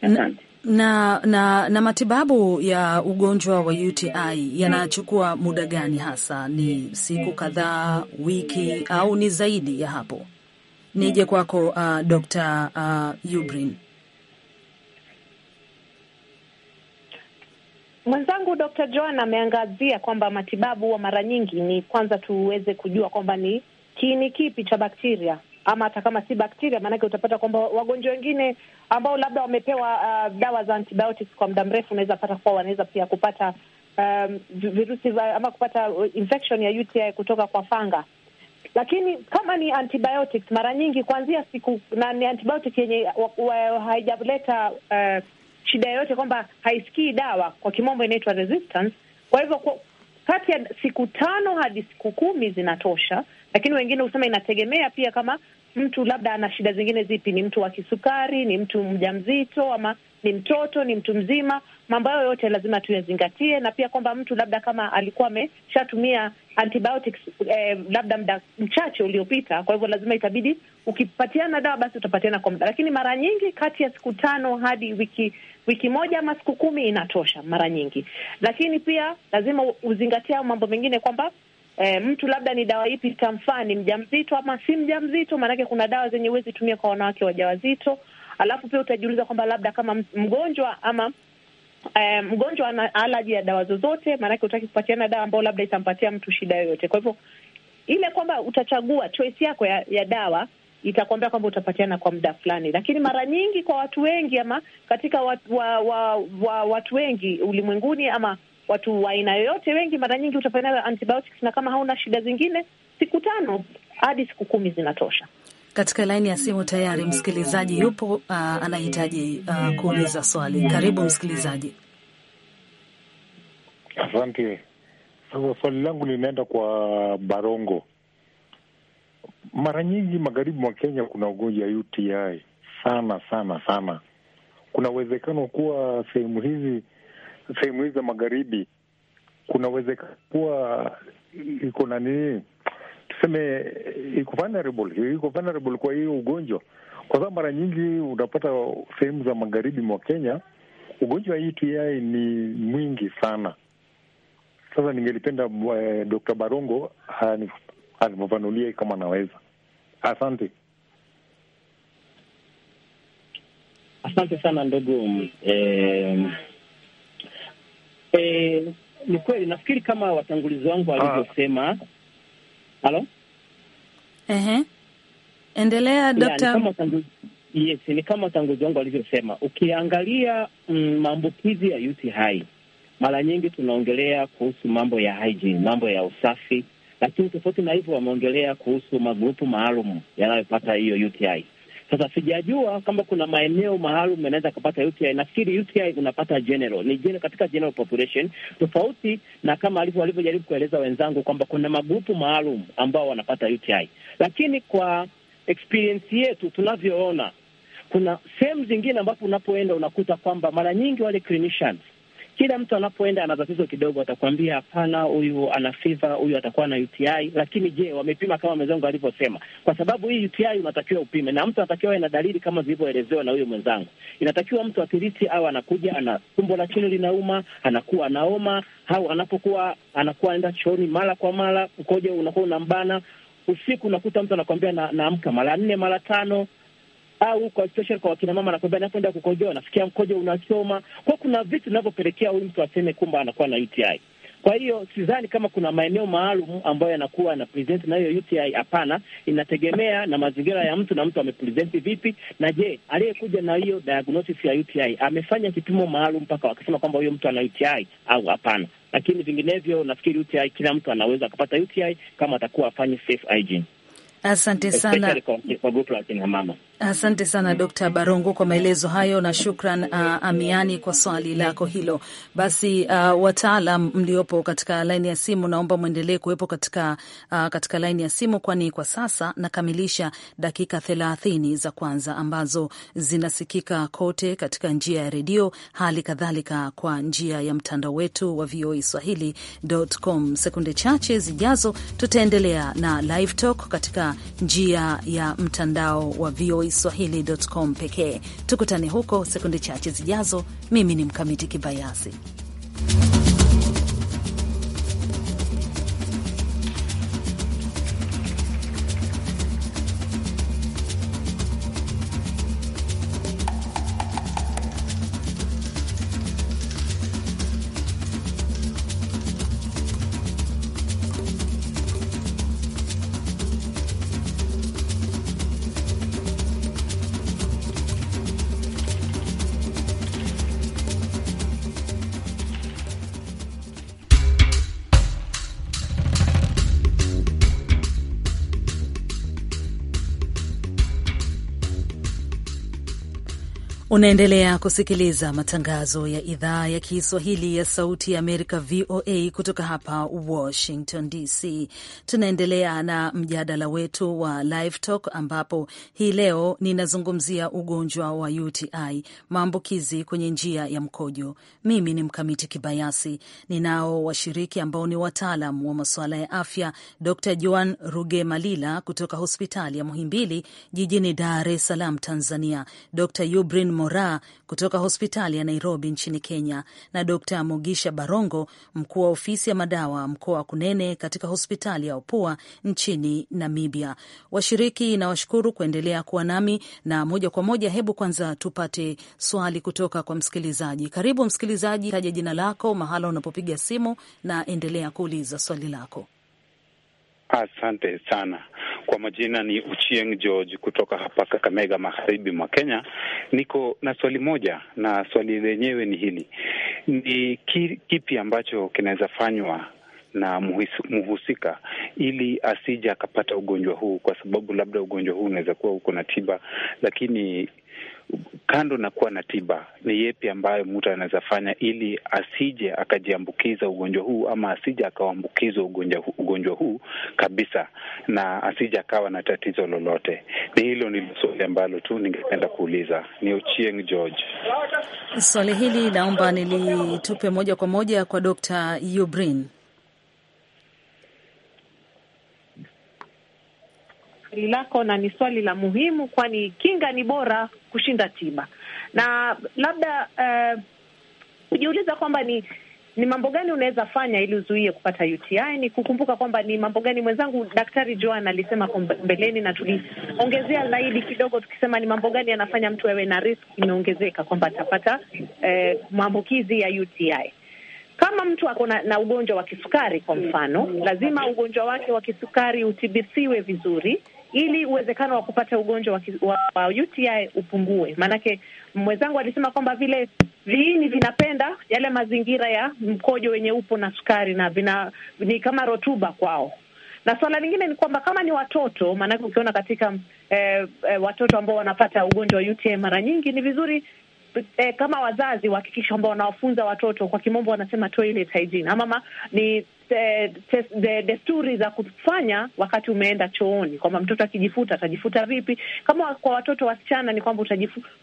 Asante na, na, na matibabu ya ugonjwa wa UTI yanachukua muda gani hasa? Ni siku kadhaa, wiki au ni zaidi ya hapo? Nije kwako uh, Dr. uh, Ubrin. Mwenzangu Dr. Joan ameangazia kwamba matibabu huwa mara nyingi ni kwanza tuweze kujua kwamba ni kiini kipi cha bakteria ama hata kama si bakteria, maanake utapata kwamba wagonjwa wengine ambao labda wamepewa uh, dawa za antibiotics kwa muda mrefu, unaweza pata kuwa wanaweza pia kupata um, virusi ama kupata uh, infection ya UTI kutoka kwa fanga. Lakini kama ni antibiotics, mara nyingi kuanzia siku na ni antibiotic yenye uh, uh, haijaleta uh, shida yoyote kwamba haisikii dawa, kwa kimombo inaitwa resistance. Kwa hivyo kati ya siku tano hadi siku kumi zinatosha, lakini wengine husema inategemea pia kama mtu labda ana shida zingine zipi, ni mtu wa kisukari, ni mtu mjamzito, ama ni mtoto, ni mtu mzima. Mambo hayo yote lazima tuyazingatie, na pia kwamba mtu labda kama alikuwa ameshatumia antibiotics eh, labda mda mchache uliopita. Kwa hivyo lazima itabidi ukipatiana dawa basi utapatiana kwa muda, lakini mara nyingi kati ya siku tano hadi wiki wiki moja ama siku kumi inatosha mara nyingi, lakini pia lazima uzingatia mambo mengine kwamba E, mtu labda ni dawa ipi itamfaa, ni mjamzito ama si mjamzito? Maanake kuna dawa zenye huwezi tumia kwa wanawake wajawazito alafu pia utajiuliza kwamba labda kama mgonjwa ama Um, mgonjwa ana alaji ya dawa zozote, maanake utaki kupatiana dawa ambayo labda itampatia mtu shida yoyote. Kwa hivyo ile kwamba utachagua choice yako ya, ya dawa itakwambia kwamba utapatiana kwa muda fulani, lakini mara nyingi kwa watu wengi ama katika watu, wa, wa, wa, watu wengi ulimwenguni ama watu wa aina yoyote wengi, mara nyingi utapatiana antibiotics, na kama hauna shida zingine siku tano hadi siku kumi zinatosha. Katika laini ya simu tayari msikilizaji yupo, uh, anahitaji uh, kuuliza swali. Karibu msikilizaji. Asante. Sasa swali langu linaenda kwa Barongo. Mara nyingi magharibi mwa Kenya kuna ugonjwa ya UTI sana sana sana. Kuna uwezekano kuwa sehemu hizi sehemu hizi za magharibi kuna uwezekano kuwa iko na nini tuseme iko eh, vulnerable, iko vulnerable kwa hiyo ugonjwa, kwa sababu mara nyingi unapata sehemu za magharibi mwa Kenya ugonjwa wa UTI e ni mwingi sana. Sasa ningelipenda eh, Dr. Barongo anifafanulie kama anaweza. Asante. Asante sana ndugu mm, eh, eh, ni kweli nafikiri kama watangulizi wangu ah. walivyosema. Halo? Ehe. Endelea Dr. Yes, ni kama watanguzi wangu walivyosema, ukiangalia mm, maambukizi mm, ya UTI mara nyingi tunaongelea kuhusu mambo ya hygiene, mambo ya usafi, lakini tofauti na hivyo wameongelea kuhusu magrupu maalum yanayopata hiyo UTI. Sasa sijajua kama kuna maeneo maalum yanaweza akapata UTI. Nafikiri UTI unapata general, ni general, katika general population, tofauti na kama walivyojaribu kueleza wenzangu kwamba kuna magrupu maalum ambao wanapata UTI, lakini kwa experience yetu tunavyoona, kuna sehemu zingine ambapo unapoenda unakuta kwamba mara nyingi wale clinicians kila mtu anapoenda ana tatizo kidogo, atakwambia hapana, huyu ana fiva, huyu atakuwa na UTI. Lakini je, wamepima kama mwenzangu alivyosema? Kwa sababu hii UTI unatakiwa upime, na mtu anatakiwa na dalili kama zilivyoelezewa na huyu mwenzangu. Inatakiwa mtu atiriti, au anakuja ana tumbo la chini linauma, anakuwa anaoma, au anapokuwa anakuwa enda chooni mara kwa mara, ukoja unakuwa unambana usiku, unakuta mtu anakwambia naamka na mara nne mara tano au kwa special kwa wakina mama anakwambia anapoenda kukojoa anafikia mkojo unachoma. Kwa kuna vitu vinavyopelekea huyu mtu aseme kumba anakuwa na UTI. Kwa hiyo sidhani kama kuna maeneo maalum ambayo yanakuwa na present na hiyo UTI. Hapana, inategemea na mazingira ya mtu na mtu amepresent vipi, na je, aliyekuja na hiyo diagnosis ya UTI amefanya kipimo maalum mpaka wakasema kwamba huyo mtu ana UTI au hapana. Lakini vinginevyo, nafikiri UTI kila mtu anaweza akapata UTI kama atakuwa afanye safe hygiene. Asante sana kwa, kwa grupu la kina mama. Asante sana Dkt. Barongo kwa maelezo hayo na shukran uh, Amiani kwa swali lako hilo. Basi uh, wataalam mliopo katika laini ya simu, naomba mwendelee kuwepo katika, uh, katika laini ya simu, kwani kwa sasa nakamilisha dakika thelathini za kwanza ambazo zinasikika kote katika njia ya redio, hali kadhalika kwa njia ya mtandao wetu wa VOA e Swahili.com. Sekunde chache zijazo tutaendelea na live talk katika njia ya mtandao wa VOA e VOA Swahili.com pekee. Tukutane huko sekunde chache zijazo. Mimi ni Mkamiti Kibayasi. Unaendelea kusikiliza matangazo ya idhaa ya Kiswahili ya Sauti ya Amerika, VOA, kutoka hapa Washington DC. Tunaendelea na mjadala wetu wa Live Talk, ambapo hii leo ninazungumzia ugonjwa wa UTI, maambukizi kwenye njia ya mkojo. Mimi ni Mkamiti Kibayasi, ninao washiriki ambao ni wataalam wa masuala ya afya, Dr Joan Ruge Malila kutoka hospitali ya Muhimbili jijini Dar es Salaam, Tanzania, Dr Yubrin mora kutoka hospitali ya Nairobi nchini Kenya na Dr Mugisha Barongo, mkuu wa ofisi ya madawa mkoa wa Kunene katika hospitali ya Opua nchini Namibia. Washiriki nawashukuru kuendelea kuwa nami na moja kwa moja. Hebu kwanza tupate swali kutoka kwa msikilizaji. Karibu msikilizaji, taja jina lako, mahala unapopiga simu na endelea kuuliza swali lako. Asante sana kwa majina, ni Uchieng George kutoka hapa Kakamega, magharibi mwa Kenya. Niko na swali moja, na swali lenyewe ni hili: ni kipi ambacho kinaweza fanywa na mhusika ili asije akapata ugonjwa huu, kwa sababu labda ugonjwa huu unaweza kuwa uko na tiba, lakini kando na kuwa na tiba, ni yepi ambayo mtu anaweza fanya ili asije akajiambukiza ugonjwa huu ama asije akaambukizwa ugonjwa huu, ugonjwa huu kabisa na asije akawa na tatizo lolote? Ni hilo ndilo swali ambalo tu ningependa kuuliza. Ni Ochieng George, swali hili naomba nilitupe moja kwa moja kwa Dr. Yubrin. swali lako na ni swali la muhimu, kwani kinga ni bora kushinda tiba. Na labda eh, kujiuliza uh, kwamba ni ni mambo gani unaweza fanya ili uzuie kupata UTI, ni kukumbuka kwamba ni mambo gani mwenzangu Daktari Joan alisema mbeleni, na tuliongezea zaidi kidogo tukisema ni mambo gani yanafanya mtu awe na risk imeongezeka kwamba atapata eh, maambukizi ya UTI. Kama mtu ako na ugonjwa wa kisukari kwa mfano, lazima ugonjwa wake wa kisukari utibisiwe vizuri ili uwezekano wa kupata ugonjwa wa, wa UTI upungue. Maanake mwenzangu alisema kwamba vile viini vinapenda yale mazingira ya mkojo wenye upo na sukari na vina, ni kama rotuba kwao na suala lingine ni kwamba kama ni watoto, maanake ukiona katika eh, eh, watoto ambao wanapata ugonjwa wa UTI mara nyingi ni vizuri eh, kama wazazi wahakikisha kwamba wanawafunza watoto, kwa kimombo wanasema toilet hygiene, ama ma, ni eh, desturi za kufanya wakati umeenda chooni, kwamba mtoto akijifuta atajifuta vipi. Kama kwa watoto wasichana ni kwamba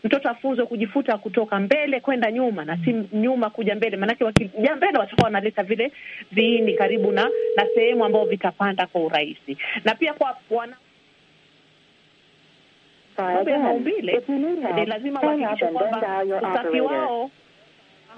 mtoto afunzwe kujifuta kutoka mbele kwenda nyuma na si nyuma kuja mbele, maanake wakija mbele watakuwa wanaleta vile viini karibu na na sehemu ambayo vitapanda kwa urahisi, na pia kwa wana mambo ya maumbile ni lazima wahakikishe kwamba usafi wao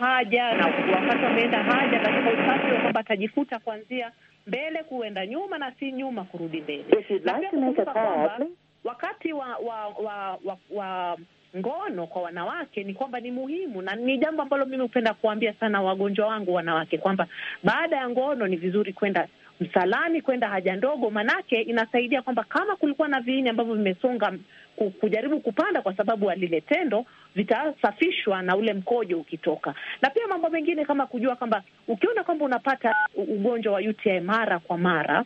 haja na wakati wameenda haja, lazima usafi kwamba atajifuta kuanzia mbele kuenda nyuma na si nyuma kurudi mbele, na pia kukumbuka kwamba wakati wa, wa, wa, wa, wa ngono kwa wanawake ni kwamba ni muhimu, na ni jambo ambalo mimi hupenda kuambia sana wagonjwa wangu wanawake kwamba baada ya ngono ni vizuri kwenda msalani, kwenda haja ndogo, manake inasaidia kwamba kama kulikuwa na viini ambavyo vimesonga kujaribu kupanda kwa sababu ya lile tendo, vitasafishwa na ule mkojo ukitoka. Na pia mambo mengine kama kujua kwamba ukiona kwamba unapata ugonjwa wa UTI mara kwa mara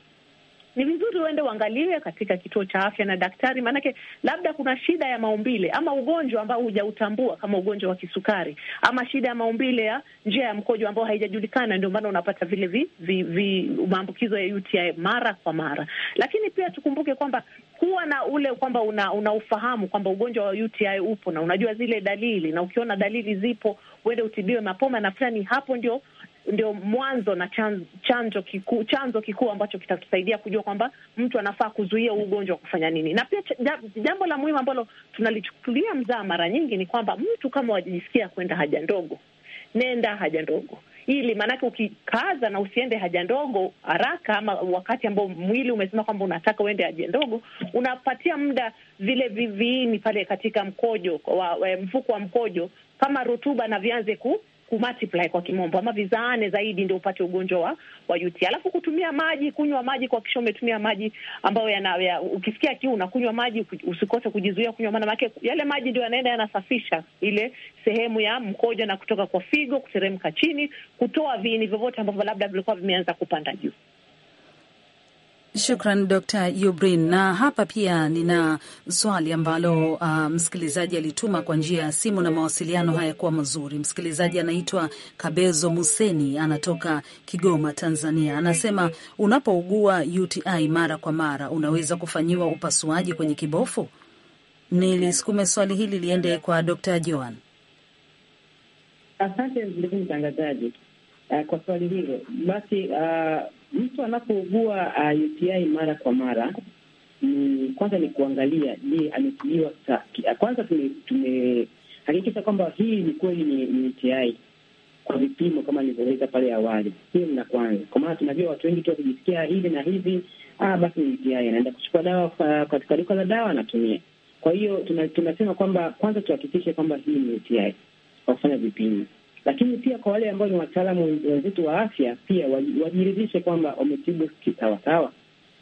ni vizuri uende uangaliwe katika kituo cha afya na daktari, maanake labda kuna shida ya maumbile ama ugonjwa ambao hujautambua kama ugonjwa wa kisukari ama shida ya maumbile ya njia ya mkojo ambao haijajulikana, ndio maana unapata vile vi, vi, vi maambukizo ya UTI mara kwa mara. Lakini pia tukumbuke kwamba kuwa na ule kwamba una, una ufahamu kwamba ugonjwa wa UTI upo na unajua zile dalili, na ukiona dalili zipo uende utibiwe mapema, na fulani hapo ndio ndio mwanzo na chanzo, kikuu chanzo kikuu ambacho kitatusaidia kujua kwamba mtu anafaa kuzuia huu ugonjwa wa kufanya nini. Na pia jambo la muhimu ambalo tunalichukulia mzaa mara nyingi ni kwamba mtu kama wajisikia kwenda haja ndogo, nenda haja ndogo ili maanake, ukikaza na usiende haja ndogo haraka, ama wakati ambao mwili umesema kwamba unataka uende haja ndogo, unapatia muda vile viviini pale katika mkojo wa, wa mfuko wa mkojo kama rutuba na vianze ku kumultiply kwa kimombo, ama vizaane zaidi ndio upate ugonjwa wa, wa UTI. Alafu kutumia maji, kunywa maji, kuhakikisha umetumia maji ambayo yana ya, ukisikia kiu unakunywa maji, usikose kujizuia kunywa, maana make yale maji ndio yanaenda yanasafisha ile sehemu ya mkojo na kutoka kwa figo, kuteremka chini, kutoa viini vyovyote ambavyo labda vilikuwa vimeanza kupanda juu. Shukran Dr. Yubrin, na hapa pia nina swali ambalo uh, msikilizaji alituma kwa njia ya simu na mawasiliano hayakuwa mazuri. Msikilizaji anaitwa Kabezo Museni, anatoka Kigoma, Tanzania. Anasema unapougua UTI mara kwa mara unaweza kufanyiwa upasuaji kwenye kibofu. Nilisukume swali hili liende kwa Dr. Joan. Asante ndugu mtangazaji uh, kwa swali hilo basi uh, Mtu anapougua uh, ah, UTI mara kwa mara ni kwanza ni kuangalia, je, ametibiwa ah, kwanza. Tumehakikisha tume, kwamba hii ni kweli ni, ni UTI kwa vipimo kama nilivyoeleza pale awali. Hiyo ni la kwanza, kwa maana tunajua watu wengi tu wakijisikia hivi na hivi, ah, basi ni UTI, anaenda kuchukua dawa ah, katika duka la dawa anatumia. Kwa hiyo tunasema kwamba kwanza tuhakikishe kwamba hii ni UTI kwa kufanya vipimo lakini pia kwa wale ambao ni wataalamu wenzetu wa afya, pia wajiridhishe kwamba wametibu kisawasawa,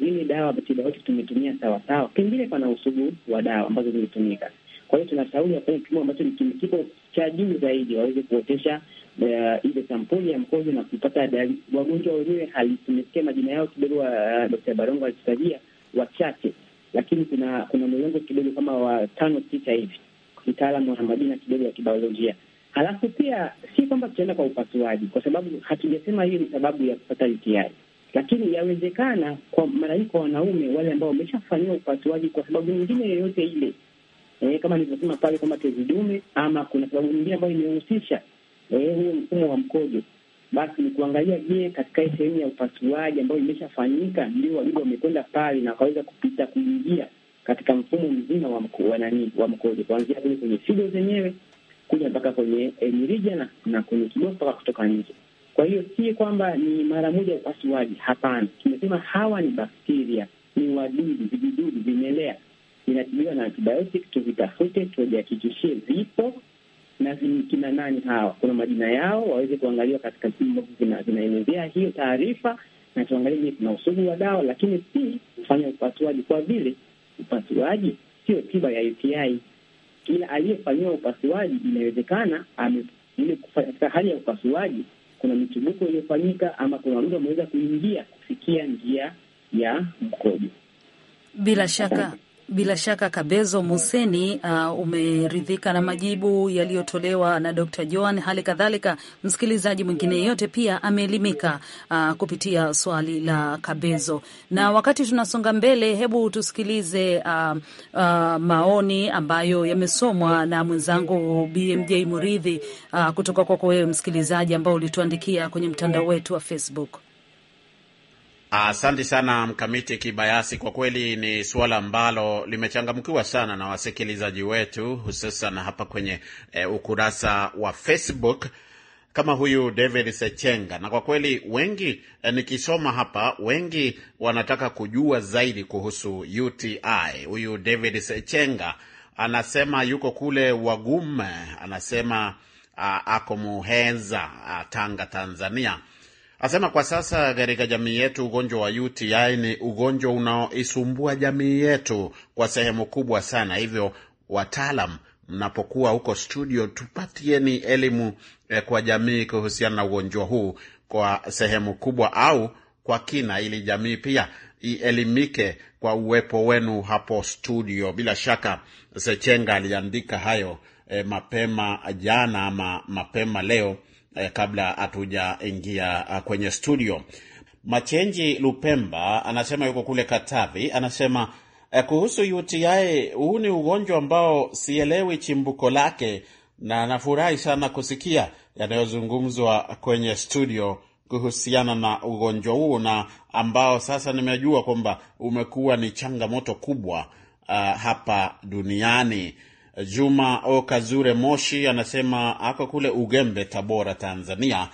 ili dawa tiba yote tumetumia sawasawa, pengine pana usugu wa dawa ambazo zilitumika. Kwa hiyo tunashauri wafanye kipimo ambacho ni kipo cha juu zaidi, waweze kuotesha eh, ile sampuli ya mkojo na kupata wagonjwa wenyewe hali. Tumesikia majina yao kidogo, wa eh, Dkt. Barongo alitajia wachache, lakini kuna kuna mlengo kidogo kama watano sita hivi, mtaalamu wana majina kidogo ya kibiolojia. Alafu pia si kwamba tutaenda kwa upasuaji, kwa sababu hatujasema hiyo ni sababu ya kupata UTI, lakini yawezekana kwa mara kwa wanaume wale ambao wameshafanyiwa upasuaji kwa sababu nyingine yoyote ile, e, kama nilivyosema pale kwamba tezi dume ama kuna sababu nyingine ambayo imehusisha eh, huo mfumo wa mkojo, basi ni kuangalia, je, katika hii sehemu ya upasuaji ambayo imeshafanyika ndio wadudu wamekwenda pale na wakaweza kupita kuingia katika mfumo mzima wa wa mkojo, kuanzia kule kwenye figo zenyewe kuja mpaka kwenye e, mirija na, na kwenye kiboo mpaka kutoka nje. Kwa hiyo si kwamba ni mara moja upasuaji, hapana. Tumesema hawa ni bakteria, ni wadudu, vijidudu, vimelea, vinatibiwa na antibiotic. Tuvitafute, tuvihakikishie vipo na kina nani hawa, kuna majina yao, waweze kuangaliwa katika simu zinaelezea hiyo taarifa, na tuangalie je, kuna usugu wa dawa, lakini si kufanya upasuaji, kwa vile upasuaji sio tiba ya UTI ila aliyefanyiwa upasuaji inawezekana katika hali ya upasuaji kuna michubuko iliyofanyika ama kuna wadudu wameweza kuingia kufikia njia ya mkojo. Bila shaka bila shaka Kabezo Museni, uh, umeridhika na majibu yaliyotolewa na Dr. Joan. Hali kadhalika msikilizaji mwingine yeyote pia ameelimika uh, kupitia swali la Kabezo. Na wakati tunasonga mbele, hebu tusikilize uh, uh, maoni ambayo yamesomwa na mwenzangu BMJ Muridhi uh, kutoka kwako wewe msikilizaji ambao ulituandikia kwenye mtandao wetu wa Facebook. Asante sana Mkamiti Kibayasi, kwa kweli ni suala ambalo limechangamkiwa sana na wasikilizaji wetu, hususan hapa kwenye e, ukurasa wa Facebook kama huyu David Sechenga, na kwa kweli wengi e, nikisoma hapa, wengi wanataka kujua zaidi kuhusu UTI. Huyu David Sechenga anasema yuko kule Wagume, anasema a, ah, ako Muheza a, ah, Tanga, Tanzania Asema kwa sasa katika jamii yetu ugonjwa wa UTI ni ugonjwa unaoisumbua jamii yetu kwa sehemu kubwa sana, hivyo wataalam mnapokuwa huko studio tupatieni elimu eh, kwa jamii kuhusiana na ugonjwa huu kwa sehemu kubwa au kwa kina, ili jamii pia ielimike kwa uwepo wenu hapo studio. Bila shaka Sechenga aliandika hayo eh, mapema jana ama mapema leo eh, kabla hatujaingia uh, kwenye studio. Machenji Lupemba anasema yuko kule Katavi, anasema eh, kuhusu UTI, huu ni ugonjwa ambao sielewi chimbuko lake, na nafurahi sana kusikia yanayozungumzwa kwenye studio kuhusiana na ugonjwa huo na ambao sasa nimejua kwamba umekuwa ni changamoto kubwa uh, hapa duniani. Juma Okazure Moshi anasema ako kule Ugembe, Tabora, Tanzania.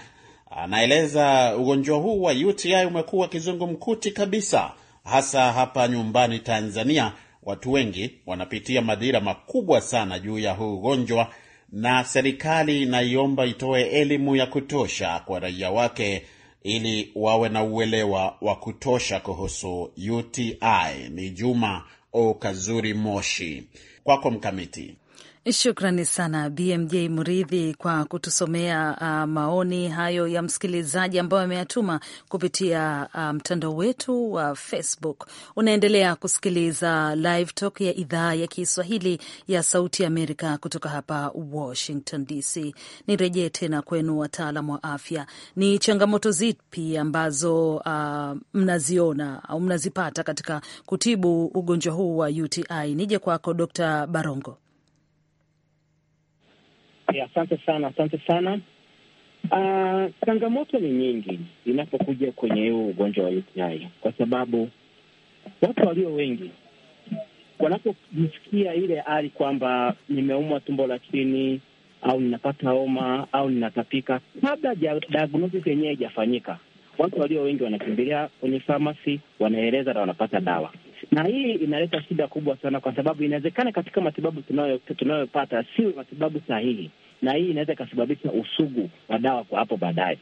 Anaeleza ugonjwa huu wa UTI umekuwa kizungumkuti kabisa, hasa hapa nyumbani Tanzania. Watu wengi wanapitia madhira makubwa sana juu ya huu ugonjwa, na serikali inaiomba itoe elimu ya kutosha kwa raia wake ili wawe na uelewa wa kutosha kuhusu UTI. Ni Juma Okazuri Moshi. Kwako Mkamiti. Shukrani sana BMJ Mridhi kwa kutusomea uh, maoni hayo ya msikilizaji ambayo ameyatuma kupitia uh, mtandao um, wetu wa uh, Facebook. Unaendelea kusikiliza Live Talk ya idhaa ya Kiswahili ya Sauti Amerika kutoka hapa Washington DC. Nirejee tena kwenu, wataalam wa afya, ni changamoto zipi ambazo uh, mnaziona au mnazipata katika kutibu ugonjwa huu wa UTI? Nije kwako Dr. Barongo. Eh, asante sana, asante sana. Uh, changamoto ni nyingi inapokuja kwenye huu ugonjwa wa UTI kwa sababu watu walio wengi wanapojisikia ile hali kwamba nimeumwa tumbo la chini au ninapata homa au ninatapika, kabla diagnosis yenyewe haijafanyika, watu walio wengi wanakimbilia kwenye famasi, wanaeleza na wanapata dawa na hii inaleta shida kubwa sana, kwa sababu inawezekana katika matibabu tunayopata sio matibabu sahihi, na hii inaweza ikasababisha usugu wa dawa kwa hapo baadaye.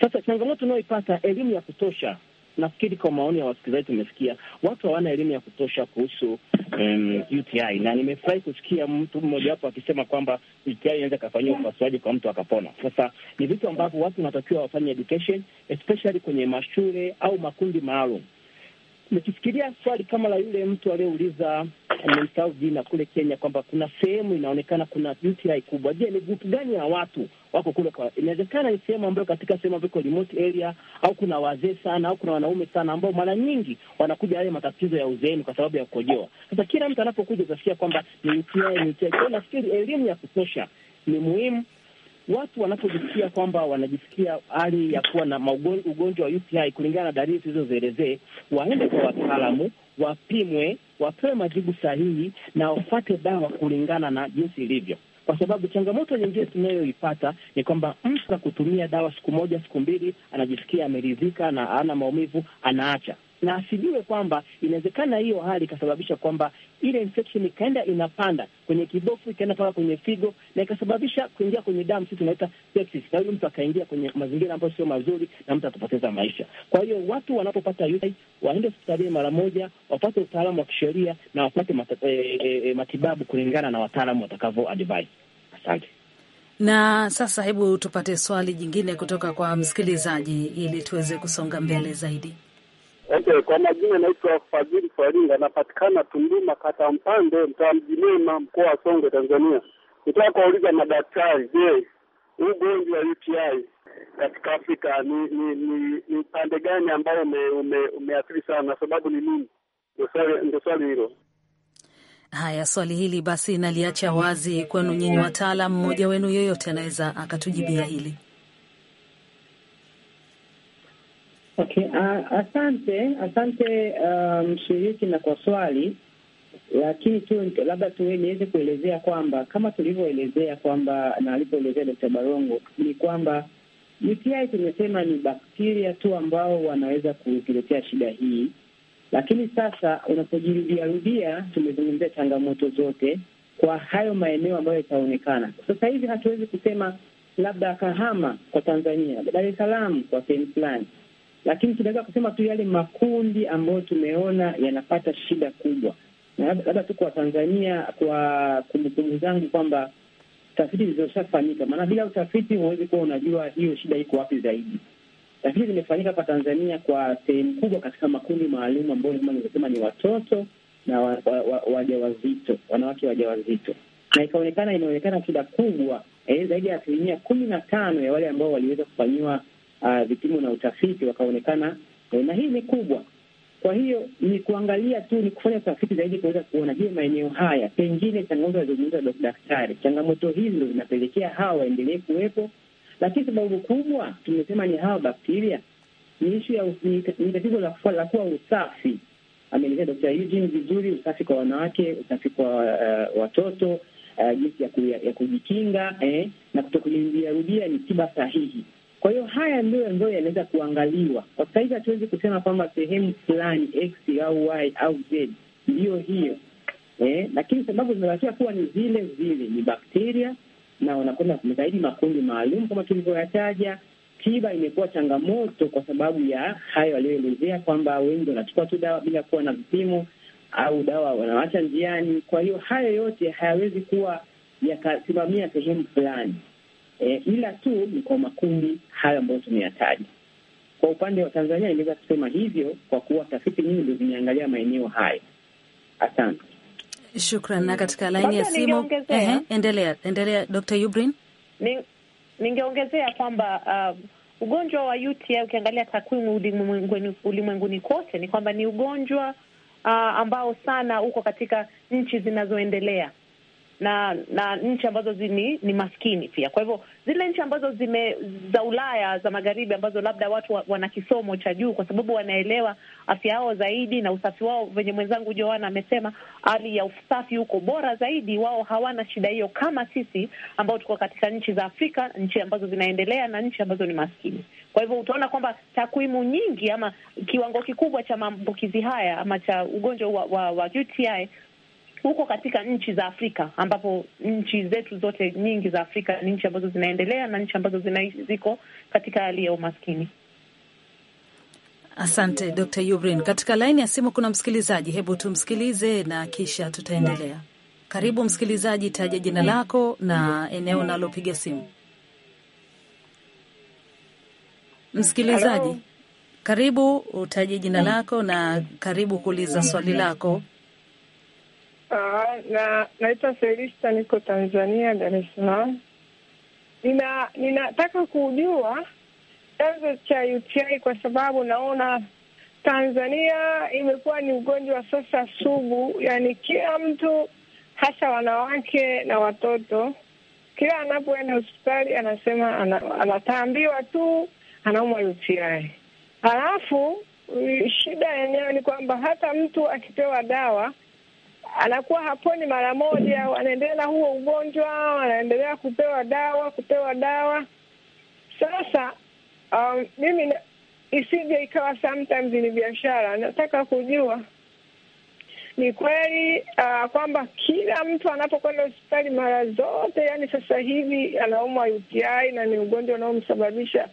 Sasa changamoto unayoipata elimu ya kutosha Nafikiri kwa maoni ya wasikilizaji tumesikia watu hawana elimu ya kutosha kuhusu um, UTI na nimefurahi kusikia mtu mmoja wapo akisema kwamba UTI inaweza ikafanyia upasuaji kwa mtu akapona. Sasa ni vitu ambavyo watu wanatakiwa wafanye education especially kwenye mashule au makundi maalum nikifikiria swali kama la yule mtu aliyeuliza, amemsahau jina, kule Kenya, kwamba kuna sehemu inaonekana kuna UTI kubwa. Je, ni grupu gani ya watu wako kule? Kwa inawezekana ni sehemu ambayo katika sehemu ambayo iko remote area, au kuna wazee sana, au kuna wanaume sana, ambao mara nyingi wanakuja yale matatizo ya uzeeni kwa sababu ya kukojoa. Sasa kila mtu anapokuja utasikia kwamba ni UTI, ni UTI. Kwa nafikiri elimu ya kutosha ni muhimu watu wanapojisikia kwamba wanajisikia hali ya kuwa na ugonjwa wa UTI kulingana na dalili zilizozielezee, waende kwa wataalamu, wapimwe, wapewe majibu sahihi na wafate dawa kulingana na jinsi ilivyo, kwa sababu changamoto nyingine tunayoipata ni kwamba mtu kutumia dawa siku moja, siku mbili, anajisikia ameridhika na ana maumivu, anaacha na asijue kwamba inawezekana hiyo hali ikasababisha kwamba ile infection ikaenda inapanda kwenye kibofu, ikaenda mpaka kwenye figo na ikasababisha kuingia kwenye damu, sisi tunaita sepsis, na huyu mtu akaingia kwenye mazingira ambayo sio mazuri na mtu atapoteza maisha. Kwa hiyo watu wanapopata UTI waende hospitalini mara moja, wapate utaalamu wa kisheria na wapate mat, e, e, e, matibabu kulingana na wataalamu watakavyo advise. Asante. Na sasa hebu tupate swali jingine kutoka kwa msikilizaji ili tuweze kusonga mbele zaidi. Okay, kwa majina naitwa Fadhili Faringa, napatikana Tunduma, kata Mpande, mtaa Mjilema, mkoa wa Songwe, Tanzania. Nitaka kuwauliza madaktari, je, ugonjwa wa UTI katika Afrika ni ni ni, ni pande gani umeathiri ume, ume, umeathiri sana? Sababu ni nini? Ndio swali hilo. Haya, swali hili basi naliacha wazi kwenu nyinyi wataalam, mmoja wenu yoyote anaweza akatujibia hili. Okay, uh, asante asante uh, mshiriki um, na kwa swali lakini tu labda tu niweze kuelezea kwamba kama tulivyoelezea kwamba na alivyoelezea Dkt. Barongo ni kwamba UTI tumesema ni bakteria tu ambao wanaweza kutuletea shida hii, lakini sasa unapojirudia rudia, tumezungumzia changamoto zote kwa hayo maeneo ambayo yataonekana sasa hivi. Hatuwezi kusema labda Kahama kwa Tanzania, Dar es Salaam kwa sehemu fulani lakini tunaweza kusema tu yale makundi ambayo tumeona yanapata shida kubwa, na labda tu kwa Tanzania, kwa kumbukumbu zangu kwamba tafiti zilizoshafanyika, maana bila utafiti huwezi kuwa unajua hiyo shida iko wapi zaidi. Tafiti zimefanyika kwa Tanzania kwa sehemu kubwa katika makundi maalum ambayo ni watoto na wa, wa, wa, wanawake wajawazito, na ikaonekana imeonekana shida kubwa eh, zaidi ya asilimia kumi na tano ya wale ambao waliweza kufanyiwa uh, vipimo na utafiti wakaonekana na hii ni kubwa. Kwa hiyo ni kuangalia tu, ni kufanya utafiti zaidi kuweza kuona, je, maeneo haya pengine changamoto alizozungumza daktari, changamoto hizi zinapelekea hawa waendelee kuwepo, lakini sababu kubwa tumesema ni hawa bakteria. Ni ishu ya ni tatizo la kuwa usafi. Ameelezea Daktari Eugene vizuri, usafi kwa wanawake, usafi kwa uh, watoto, uh, jinsi uh, ya kujikinga eh, na kutokurudia rudia ni tiba sahihi kwa hiyo haya ndio ambayo yanaweza kuangaliwa kwa sasa hivi. Hatuwezi kusema kwamba sehemu fulani x au y au z ndiyo hiyo eh, lakini sababu zinatakiwa kuwa ni zile zile, ni bakteria na wanakwenda zaidi makundi maalum kama tulivyoyataja. Tiba imekuwa changamoto kwa sababu ya hayo aliyoelezea kwamba wengi wanachukua tu dawa bila kuwa na vipimo au dawa wanawacha njiani. Kwa hiyo hayo yote hayawezi kuwa yakasimamia sehemu fulani. E, ila tu ni kwa makundi hayo ambayo tumeyataja. Kwa upande wa Tanzania inaweza kusema hivyo kwa kuwa tafiti nyingi ndio zimeangalia maeneo hayo. Asante, shukran. Na katika laini ya simu, endelea endelea, Dr. Yubrin. Ningeongezea kwamba uh, ugonjwa wa UTI ukiangalia takwimu ulimwenguni, ulimwenguni kote ni kwamba ni ugonjwa uh, ambao sana uko katika nchi zinazoendelea na na nchi ambazo zini, ni maskini pia. Kwa hivyo zile nchi ambazo zime za Ulaya za magharibi ambazo labda watu wana kisomo cha juu, kwa sababu wanaelewa afya yao zaidi na usafi wao, venye mwenzangu Joana amesema, hali ya usafi huko bora zaidi, wao hawana shida hiyo kama sisi ambao tuko katika nchi za Afrika, nchi ambazo zinaendelea na nchi ambazo ni maskini. Kwa hivyo utaona kwamba takwimu nyingi ama kiwango kikubwa cha maambukizi haya ama cha ugonjwa wa, wa, wa UTI huko katika nchi za Afrika ambapo nchi zetu zote nyingi za Afrika ni nchi ambazo zinaendelea na nchi ambazo zinaishi ziko katika hali ya umaskini. Asante Dr. Yubrin. Katika laini ya simu kuna msikilizaji, hebu tumsikilize na kisha tutaendelea. Karibu msikilizaji, taja jina lako na eneo unalopiga simu. Msikilizaji, karibu utaje jina lako na karibu kuuliza swali lako Uh, na naitwa Felista, niko Tanzania, Dar es Salaam. Nina ninataka kujua chanzo cha UTI kwa sababu naona Tanzania imekuwa ni ugonjwa sasa sugu, yani kila mtu hasa wanawake na watoto, kila anapoenda hospitali anasema ana, tu anaumwa UTI. Halafu shida yenyewe ni kwamba hata mtu akipewa dawa anakuwa haponi mara moja, wanaendelea na huo ugonjwa, wanaendelea kupewa dawa, kupewa dawa. Sasa um, mimi isije ikawa sometimes ni biashara. Nataka kujua ni kweli uh, kwamba kila mtu anapokwenda hospitali mara zote, yani sasa hivi anaumwa UTI na ni ugonjwa unaomsababisha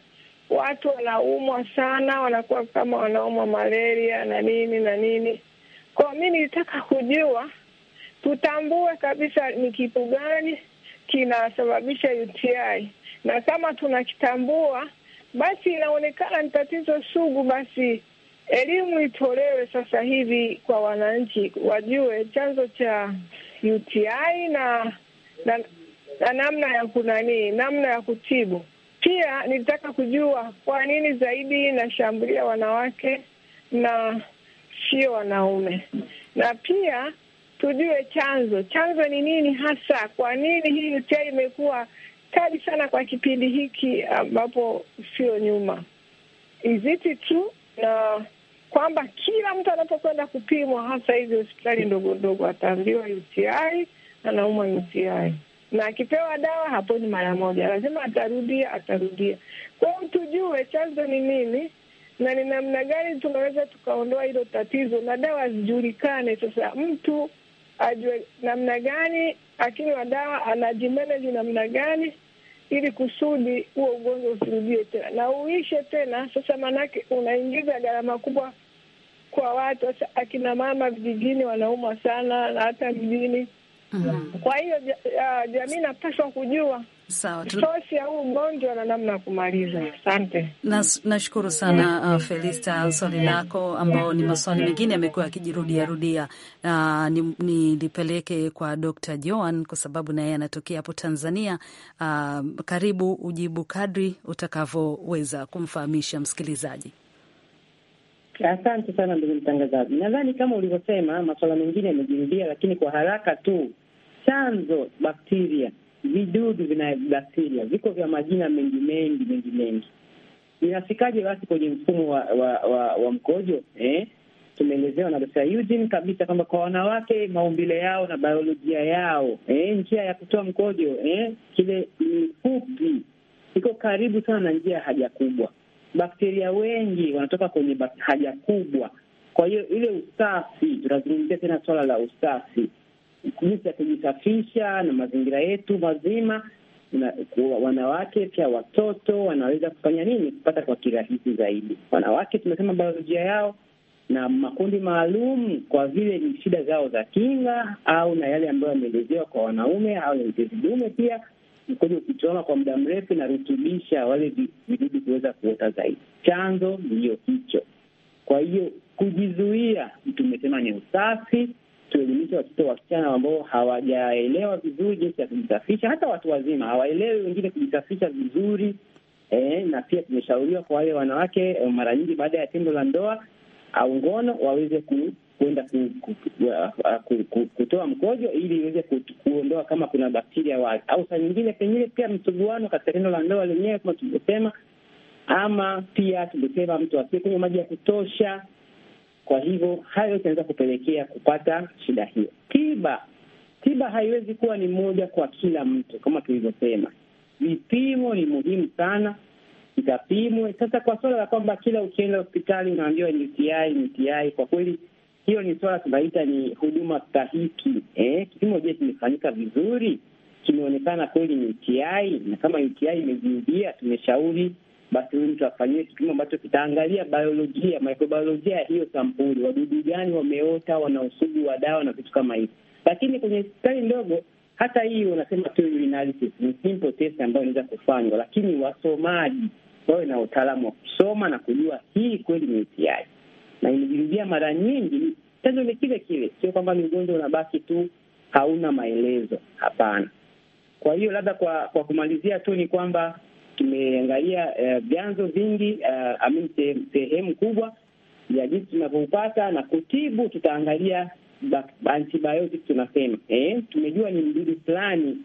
watu wanaumwa sana, wanakuwa kama wanaumwa malaria na nini na nini kwa mi nilitaka kujua tutambue kabisa ni kitu gani kinasababisha UTI, na kama tunakitambua basi inaonekana ni tatizo sugu, basi elimu itolewe sasa hivi kwa wananchi, wajue chanzo cha UTI na na, na namna ya kunanii, namna ya kutibu. Pia nilitaka kujua kwa nini zaidi inashambulia wanawake na sio wanaume. Na pia tujue chanzo, chanzo ni nini hasa, kwa nini hii UTI imekuwa kali sana kwa kipindi hiki ambapo sio nyuma. Iziti tu na kwamba kila mtu anapokwenda kupimwa, hasa hizi hospitali ndogo ndogo, ataambiwa UTI, anaumwa UTI na akipewa dawa haponi mara moja, lazima atarudia atarudia. Kwa hiyo tujue chanzo ni nini, na ni namna gani tunaweza tukaondoa hilo tatizo, na dawa zijulikane. Sasa mtu ajue namna gani wa dawa anajimeneji namna gani, ili kusudi huo ugonjwa usirudie tena na uishe tena. Sasa maanake unaingiza gharama kubwa kwa watu, hasa akina mama vijijini wanaumwa sana na hata mjini. Mm-hmm. Kwa hiyo ah, jamii inapaswa kujua Sawa, tosha ugonjwa na namna ya kumaliza. Asante, nashukuru sana uh, Felista, swali lako ambao ni maswali mengine yamekuwa yakijirudia rudia. Uh, nilipeleke ni kwa Dr. Joan kwa sababu naye anatokea hapo Tanzania. Uh, karibu ujibu kadri utakavyoweza kumfahamisha msikilizaji. Asante sana ndugu mtangazaji, nadhani kama ulivyosema, maswala mengine yamejirudia, lakini kwa haraka tu, chanzo bakteria vidudu vina bakteria, viko vya majina mengi mengi mengi mengi. Inafikaje basi kwenye mfumo wa wa, wa, wa mkojo eh? Tumeelezewa na Dr. Eugene kabisa kwamba kwa wanawake maumbile yao na biolojia yao eh, njia ya kutoa mkojo eh, kile mifupi iko karibu sana na njia ya haja kubwa. Bakteria wengi wanatoka kwenye haja kubwa. Kwa hiyo ile usafi, tunazungumzia tena swala la usafi jinsi ya kujisafisha na mazingira yetu mazima. Wanawake pia watoto wanaweza kufanya nini kupata kwa kirahisi zaidi. Wanawake tumesema biolojia yao na makundi maalum, kwa vile ni shida zao za kinga au na yale ambayo yameelezewa kwa wanaume au ya utezi dume. Pia mkojo ukichoma kwa muda mrefu inarutubisha wale vidudu kuweza kuota zaidi. Chanzo ndiyo hicho. Kwa hiyo kujizuia, tumesema ni usafi tuelimishe watoto wasichana ambao hawajaelewa vizuri jinsi ya kujisafisha, hata watu wazima hawaelewi wengine kujisafisha vizuri. E, na pia tumeshauriwa kwa wale wanawake eh, mara nyingi baada ya tendo la ndoa au ngono waweze ku kwenda ku, ku, ku, ah, ku, kutoa mkojo ili iweze kuondoa kama kuna bakteria wake, au saa nyingine pengine pia msuguano katika tendo la ndoa lenyewe kama tulivyosema, ama pia tulisema mtu asie kwenye maji ya kutosha kwa hivyo hayo inaweza kupelekea kupata shida hiyo. Tiba, tiba haiwezi kuwa ni moja kwa kila mtu, kama tulivyosema, vipimo ni muhimu sana, itapimwe. Sasa kwa suala la kwamba kila ukienda hospitali unaambiwa ni UTI, ni UTI, kwa kweli hiyo ni swala tunaita ni huduma stahiki. Eh, kipimo je, kimefanyika vizuri? Kimeonekana kweli ni UTI, na kama UTI imejirudia, tumeshauri basi huyu mtu afanyie kipimo ambacho kitaangalia biolojia, mikrobiolojia ya hiyo sampuli, wadudu gani wameota, wana usugu wa dawa na vitu kama hivi. Lakini kwenye hospitali ndogo, hata hii wanasema tu urinalysis ni simple test ambayo inaweza kufanywa, lakini wasomaji wawe na utaalamu wa kusoma na kujua hii kweli ni UTI na imejirudia mara nyingi. Chanzo ni kile kile, sio kwamba ni ugonjwa unabaki tu hauna maelezo. Hapana. Kwa hiyo labda kwa kwa kumalizia tu ni kwamba tumeangalia eh, vyanzo uh, vingi uh, eh, amin sehemu kubwa ya jinsi tunavyoupata na kutibu. Tutaangalia antibiotic tunasema, eh, tumejua ni mdudu fulani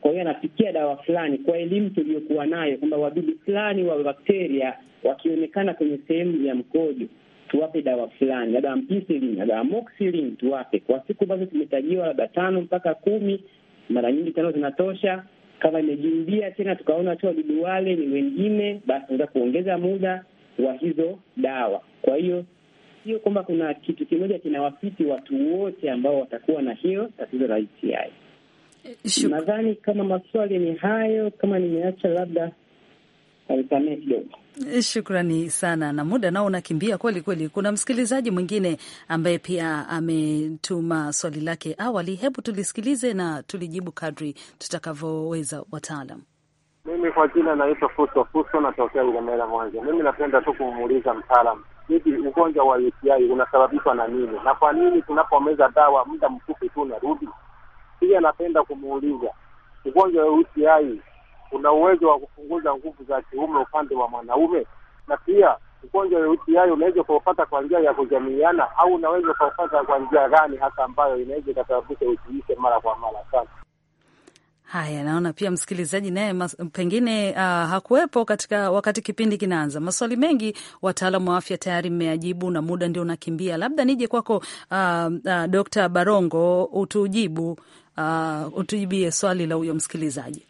kwa hiyo anafikia dawa fulani, kwa elimu tuliyokuwa nayo kwamba wadudu fulani wa bakteria wakionekana kwenye sehemu ya mkojo tuwape dawa fulani, labda ampicillin, labda amoxicillin, tuwape kwa siku ambazo zimetajiwa, labda tano mpaka kumi. Mara nyingi tano zinatosha kama imejirudia tena, tukaona tu wadudu wale ni wengine, basi tunaweza kuongeza muda wa hizo dawa. Kwa hiyo sio kwamba kuna kitu kimoja kinawafiti watu wote ambao watakuwa na hiyo tatizo la UTI. Eh, Nadhani kama maswali ni hayo, kama nimeacha labda tanitamia kidogo. Shukrani sana, na muda nao unakimbia kweli kweli. Kuna msikilizaji mwingine ambaye pia ametuma swali lake awali, hebu tulisikilize na tulijibu kadri tutakavyoweza, wataalam. Mimi kwa jina naitwa Fuso Fuso, natokea Ilemela, Mwanza. Mimi napenda tu kumuuliza mtaalam hivi ugonjwa wa UTI unasababishwa na nini, na kwa nini tunapomeza dawa muda mfupi tu narudi Pia napenda kumuuliza ugonjwa wa UTI kuna uwezo wa kupunguza nguvu za kiume upande wa mwanaume, na pia ugonjwa wa UTI unaweza ukaupata kwa njia ya kujamiiana, au unaweza ukaupata kwa njia gani hasa ambayo inaweza ikasababisha usiishe mara kwa mara sana. Haya, naona pia msikilizaji naye pengine uh, hakuwepo katika wakati kipindi kinaanza. Maswali mengi wataalamu wa afya tayari mmeyajibu na muda ndio unakimbia. Labda nije kwako uh, uh, Dr. Barongo utujibu uh, utujibie swali la huyo msikilizaji.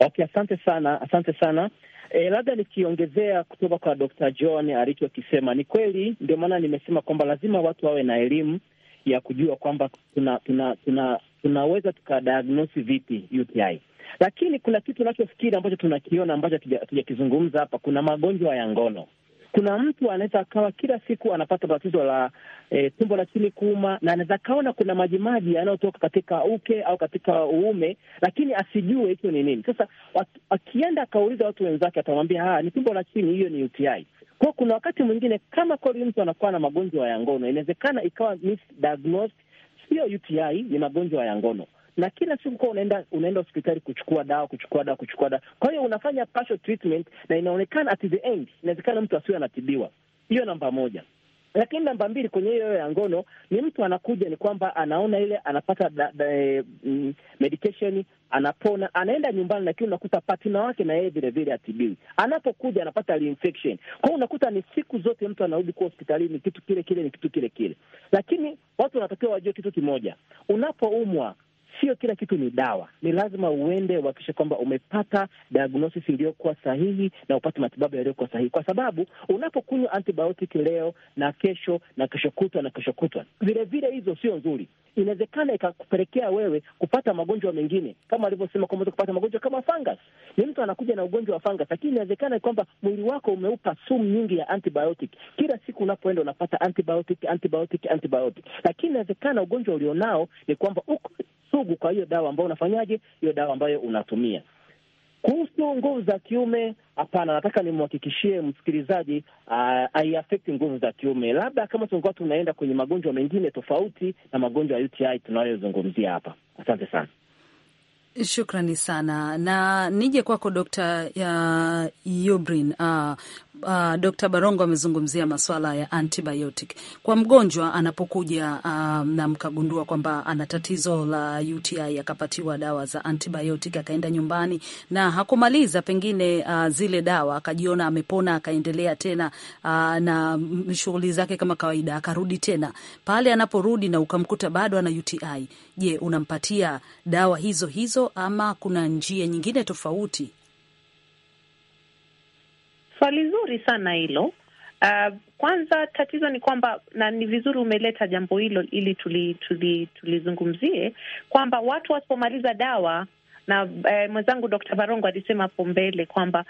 Okay, asante sana, asante sana. E, labda nikiongezea kutoka kwa Dr. John alichokisema ni kweli, ndio maana nimesema kwamba lazima watu wawe na elimu ya kujua kwamba tuna, tuna, tuna, tunaweza tukadiagnosi vipi UTI, lakini kuna kitu unachofikiri ambacho tunakiona ambacho hatujakizungumza hapa. Kuna magonjwa ya ngono kuna mtu anaweza akawa kila siku anapata tatizo la e, tumbo la chini kuuma, na anaweza akaona kuna majimaji yanayotoka katika uke au katika uume, lakini asijue hicho ni nini. Sasa akienda akauliza watu wenzake, atamwambia ah, ni tumbo la chini, hiyo ni UTI. Kwa kuna wakati mwingine kama kweli mtu anakuwa na magonjwa ya ngono, inawezekana ikawa misdiagnosed, siyo UTI, ni magonjwa ya ngono na kila siku kuwa unaenda unaenda hospitali kuchukua dawa kuchukua dawa kuchukua dawa, kwa hiyo unafanya partial treatment na inaonekana at the end inawezekana mtu asiwe anatibiwa. Hiyo namba moja. Lakini namba mbili kwenye hiyo ya ngono ni mtu anakuja, ni kwamba anaona ile anapata da, da, eh, mm, medication anapona, anaenda nyumbani, lakini unakuta patina wake na yeye vilevile atibiwi. Anapokuja anapata reinfection, kwa hiyo unakuta ni siku zote mtu anarudi kuwa hospitalini, ni kitu kile kile, ni kitu kile kile. Lakini watu wanatakiwa wajue kitu kimoja, unapoumwa sio kila kitu ni dawa. Ni lazima uende uhakikishe kwamba umepata diagnosis iliyokuwa sahihi na upate matibabu yaliyokuwa sahihi, kwa sababu unapokunywa antibiotic leo na kesho na kesho kutwa na kesho kutwa, vilevile hizo sio nzuri inawezekana ikakupelekea wewe kupata magonjwa mengine, kama alivyosema kwamba kupata magonjwa kama fungus. Ni mtu anakuja na ugonjwa wa fungus, lakini inawezekana kwamba mwili wako umeupa sumu nyingi ya antibiotic. Kila siku unapoenda unapata antibiotic, antibiotic, antibiotic, lakini inawezekana ugonjwa ulionao ni kwamba uko sugu kwa hiyo dawa ambayo unafanyaje, hiyo dawa ambayo unatumia. Kuhusu nguvu za kiume, hapana, nataka nimhakikishie msikilizaji haiafekti uh, nguvu za kiume, labda kama tungekuwa tunaenda kwenye magonjwa mengine tofauti na magonjwa ya UTI tunayozungumzia hapa. Asante sana. Shukrani sana na nije kwako Dokta Yubrin. Uh, uh, ah, Dr. Barongo amezungumzia masuala ya antibiotic kwa mgonjwa anapokuja, uh, na mkagundua kwamba ana tatizo la UTI akapatiwa dawa za antibiotic, akaenda nyumbani na hakumaliza pengine uh, zile dawa, akajiona amepona, akaendelea tena uh, na shughuli zake kama kawaida, akarudi tena pale anaporudi na ukamkuta bado ana UTI, je, unampatia dawa hizo hizo ama kuna njia nyingine tofauti Swali zuri sana hilo. Uh, kwanza tatizo ni kwamba, na ni vizuri umeleta jambo hilo ili tulizungumzie, tuli, tuli kwamba watu wasipomaliza dawa na eh, mwenzangu Dr. Barongo alisema hapo mbele kwamba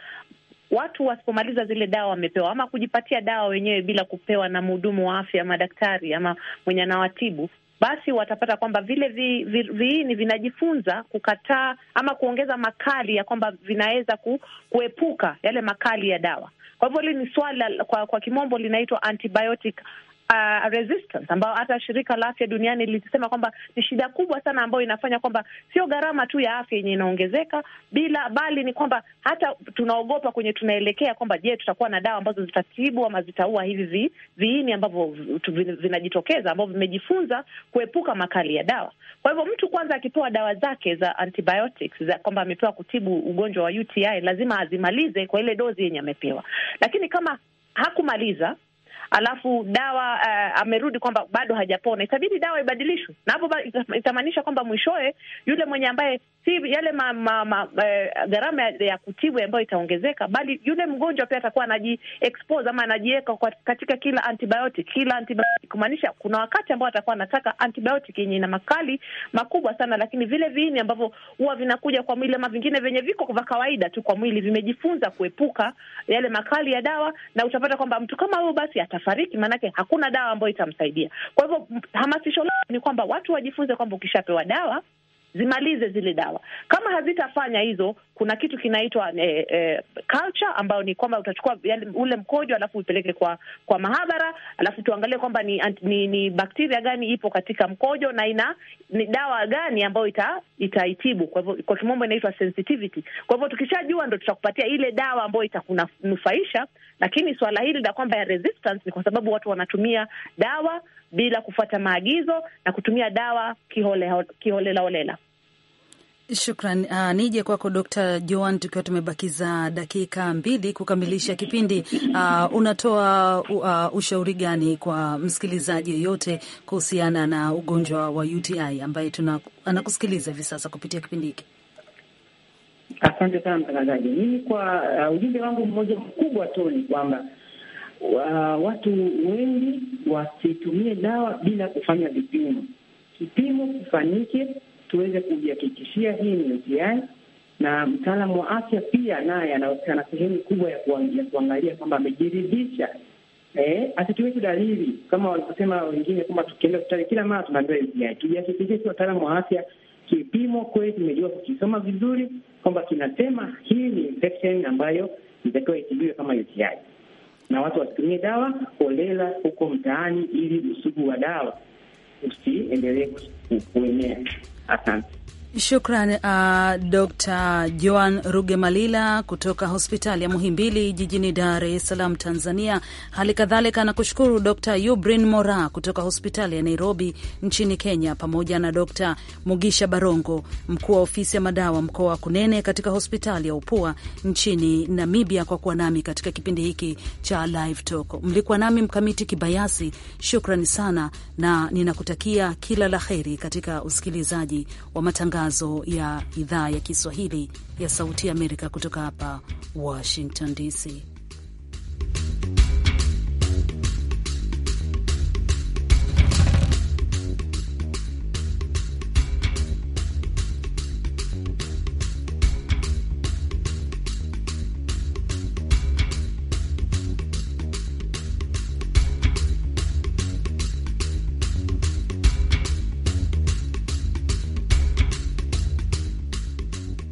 watu wasipomaliza zile dawa wamepewa ama kujipatia dawa wenyewe bila kupewa na mhudumu wa afya ama daktari ama mwenye anawatibu, basi watapata kwamba vile vi, vi, viini vinajifunza kukataa ama kuongeza makali ya kwamba vinaweza ku, kuepuka yale makali ya dawa. Kwa hivyo hili ni swala kwa, kwa kimombo linaitwa antibiotic uh, resistance ambao hata shirika la afya duniani lilisema kwamba ni shida kubwa sana ambayo inafanya kwamba sio gharama tu ya afya yenye inaongezeka bila, bali ni kwamba hata tunaogopa kwenye tunaelekea kwamba je, tutakuwa na dawa ambazo zitatibu ama zitaua hivi vi, viini ambavyo vinajitokeza ambavyo vimejifunza kuepuka makali ya dawa. Kwa hivyo mtu kwanza akipewa dawa zake za antibiotics za kwamba amepewa kutibu ugonjwa wa UTI lazima azimalize kwa ile dozi yenye amepewa, lakini kama hakumaliza alafu dawa uh, amerudi kwamba bado hajapona, itabidi dawa ibadilishwe, na hapo itamaanisha kwamba mwishoe yule mwenye ambaye si yale ma, ma, ma, eh, gharama ya, ya kutibu ambayo itaongezeka, bali yule mgonjwa pia atakuwa anaji expose ama anajiweka katika kila antibiotic, kila antibiotic, kumaanisha kuna wakati ambao atakuwa anataka antibiotic yenye ina makali makubwa sana, lakini vile viini ambavyo huwa vinakuja kwa mwili ama vingine vyenye viko vya kawaida tu kwa mwili vimejifunza kuepuka yale makali ya dawa, na utapata kwamba mtu kama huyo basi ata atafariki, maanake hakuna dawa ambayo itamsaidia. Kwa hivyo hamasisho lao ni kwamba watu wajifunze kwamba ukishapewa dawa zimalize zile dawa. Kama hazitafanya hizo, kuna kitu kinaitwa eh, eh, culture ambayo ni kwamba utachukua ule mkojo alafu upeleke kwa kwa mahabara, alafu tuangalie kwamba ni, ni, ni bakteria gani ipo katika mkojo na ina ni dawa gani ambayo ita, itaitibu. Kwa hivyo kwa kimombo inaitwa sensitivity. Kwa hivyo tukishajua, ndo tutakupatia ile dawa ambayo itakunufaisha. Lakini swala hili la kwamba ya resistance ni kwa sababu watu wanatumia dawa bila kufuata maagizo na kutumia dawa kiholelaholela. Shukran. Uh, nije kwako Dr. Joan, tukiwa tumebakiza dakika mbili kukamilisha kipindi. Uh, unatoa uh, ushauri gani kwa msikilizaji yoyote kuhusiana na ugonjwa wa UTI ambaye tuna anakusikiliza hivi sasa kupitia kipindi hiki? Asante sana mtangazaji. Mimi kwa uh, ujumbe wangu mmoja mkubwa tu ni kwamba wa, watu wengi wasitumie dawa bila kufanya vipimo. Kipimo kifanyike tuweze kujihakikishia hii ni UTI, na mtaalamu wa afya pia naye ana sehemu kubwa ya kuangalia kwamba amejiridhisha Eh, asitumie tu dalili kama walivyosema wengine kwamba tukienda hospitali kila mara tunaambiwa UTI. Tujihakikishie tu wataalamu wa afya, kipimo kweli tumejua kukisoma vizuri kwamba kinasema hii ni infection ambayo inatakiwa itibiwe kama UTI na watu wasitumie dawa holela huko mtaani, ili usugu wa dawa usiendelee kuenea. Asante. Shukran uh, Dr Joan Rugemalila kutoka hospitali ya Muhimbili jijini Dar es Salaam, Tanzania. Hali kadhalika nakushukuru Dr Yubrin Mora kutoka hospitali ya Nairobi nchini Kenya, pamoja na Dr Mugisha Barongo, mkuu wa ofisi ya madawa mkoa wa Kunene katika hospitali ya Upua nchini Namibia, kwa kuwa nami katika kipindi hiki cha Live Talk. Mlikuwa nami Mkamiti Kibayasi, shukran sana, na ninakutakia kila la heri katika usikilizaji wa matangazo matangazo ya idhaa ya Kiswahili ya Sauti ya Amerika kutoka hapa Washington DC.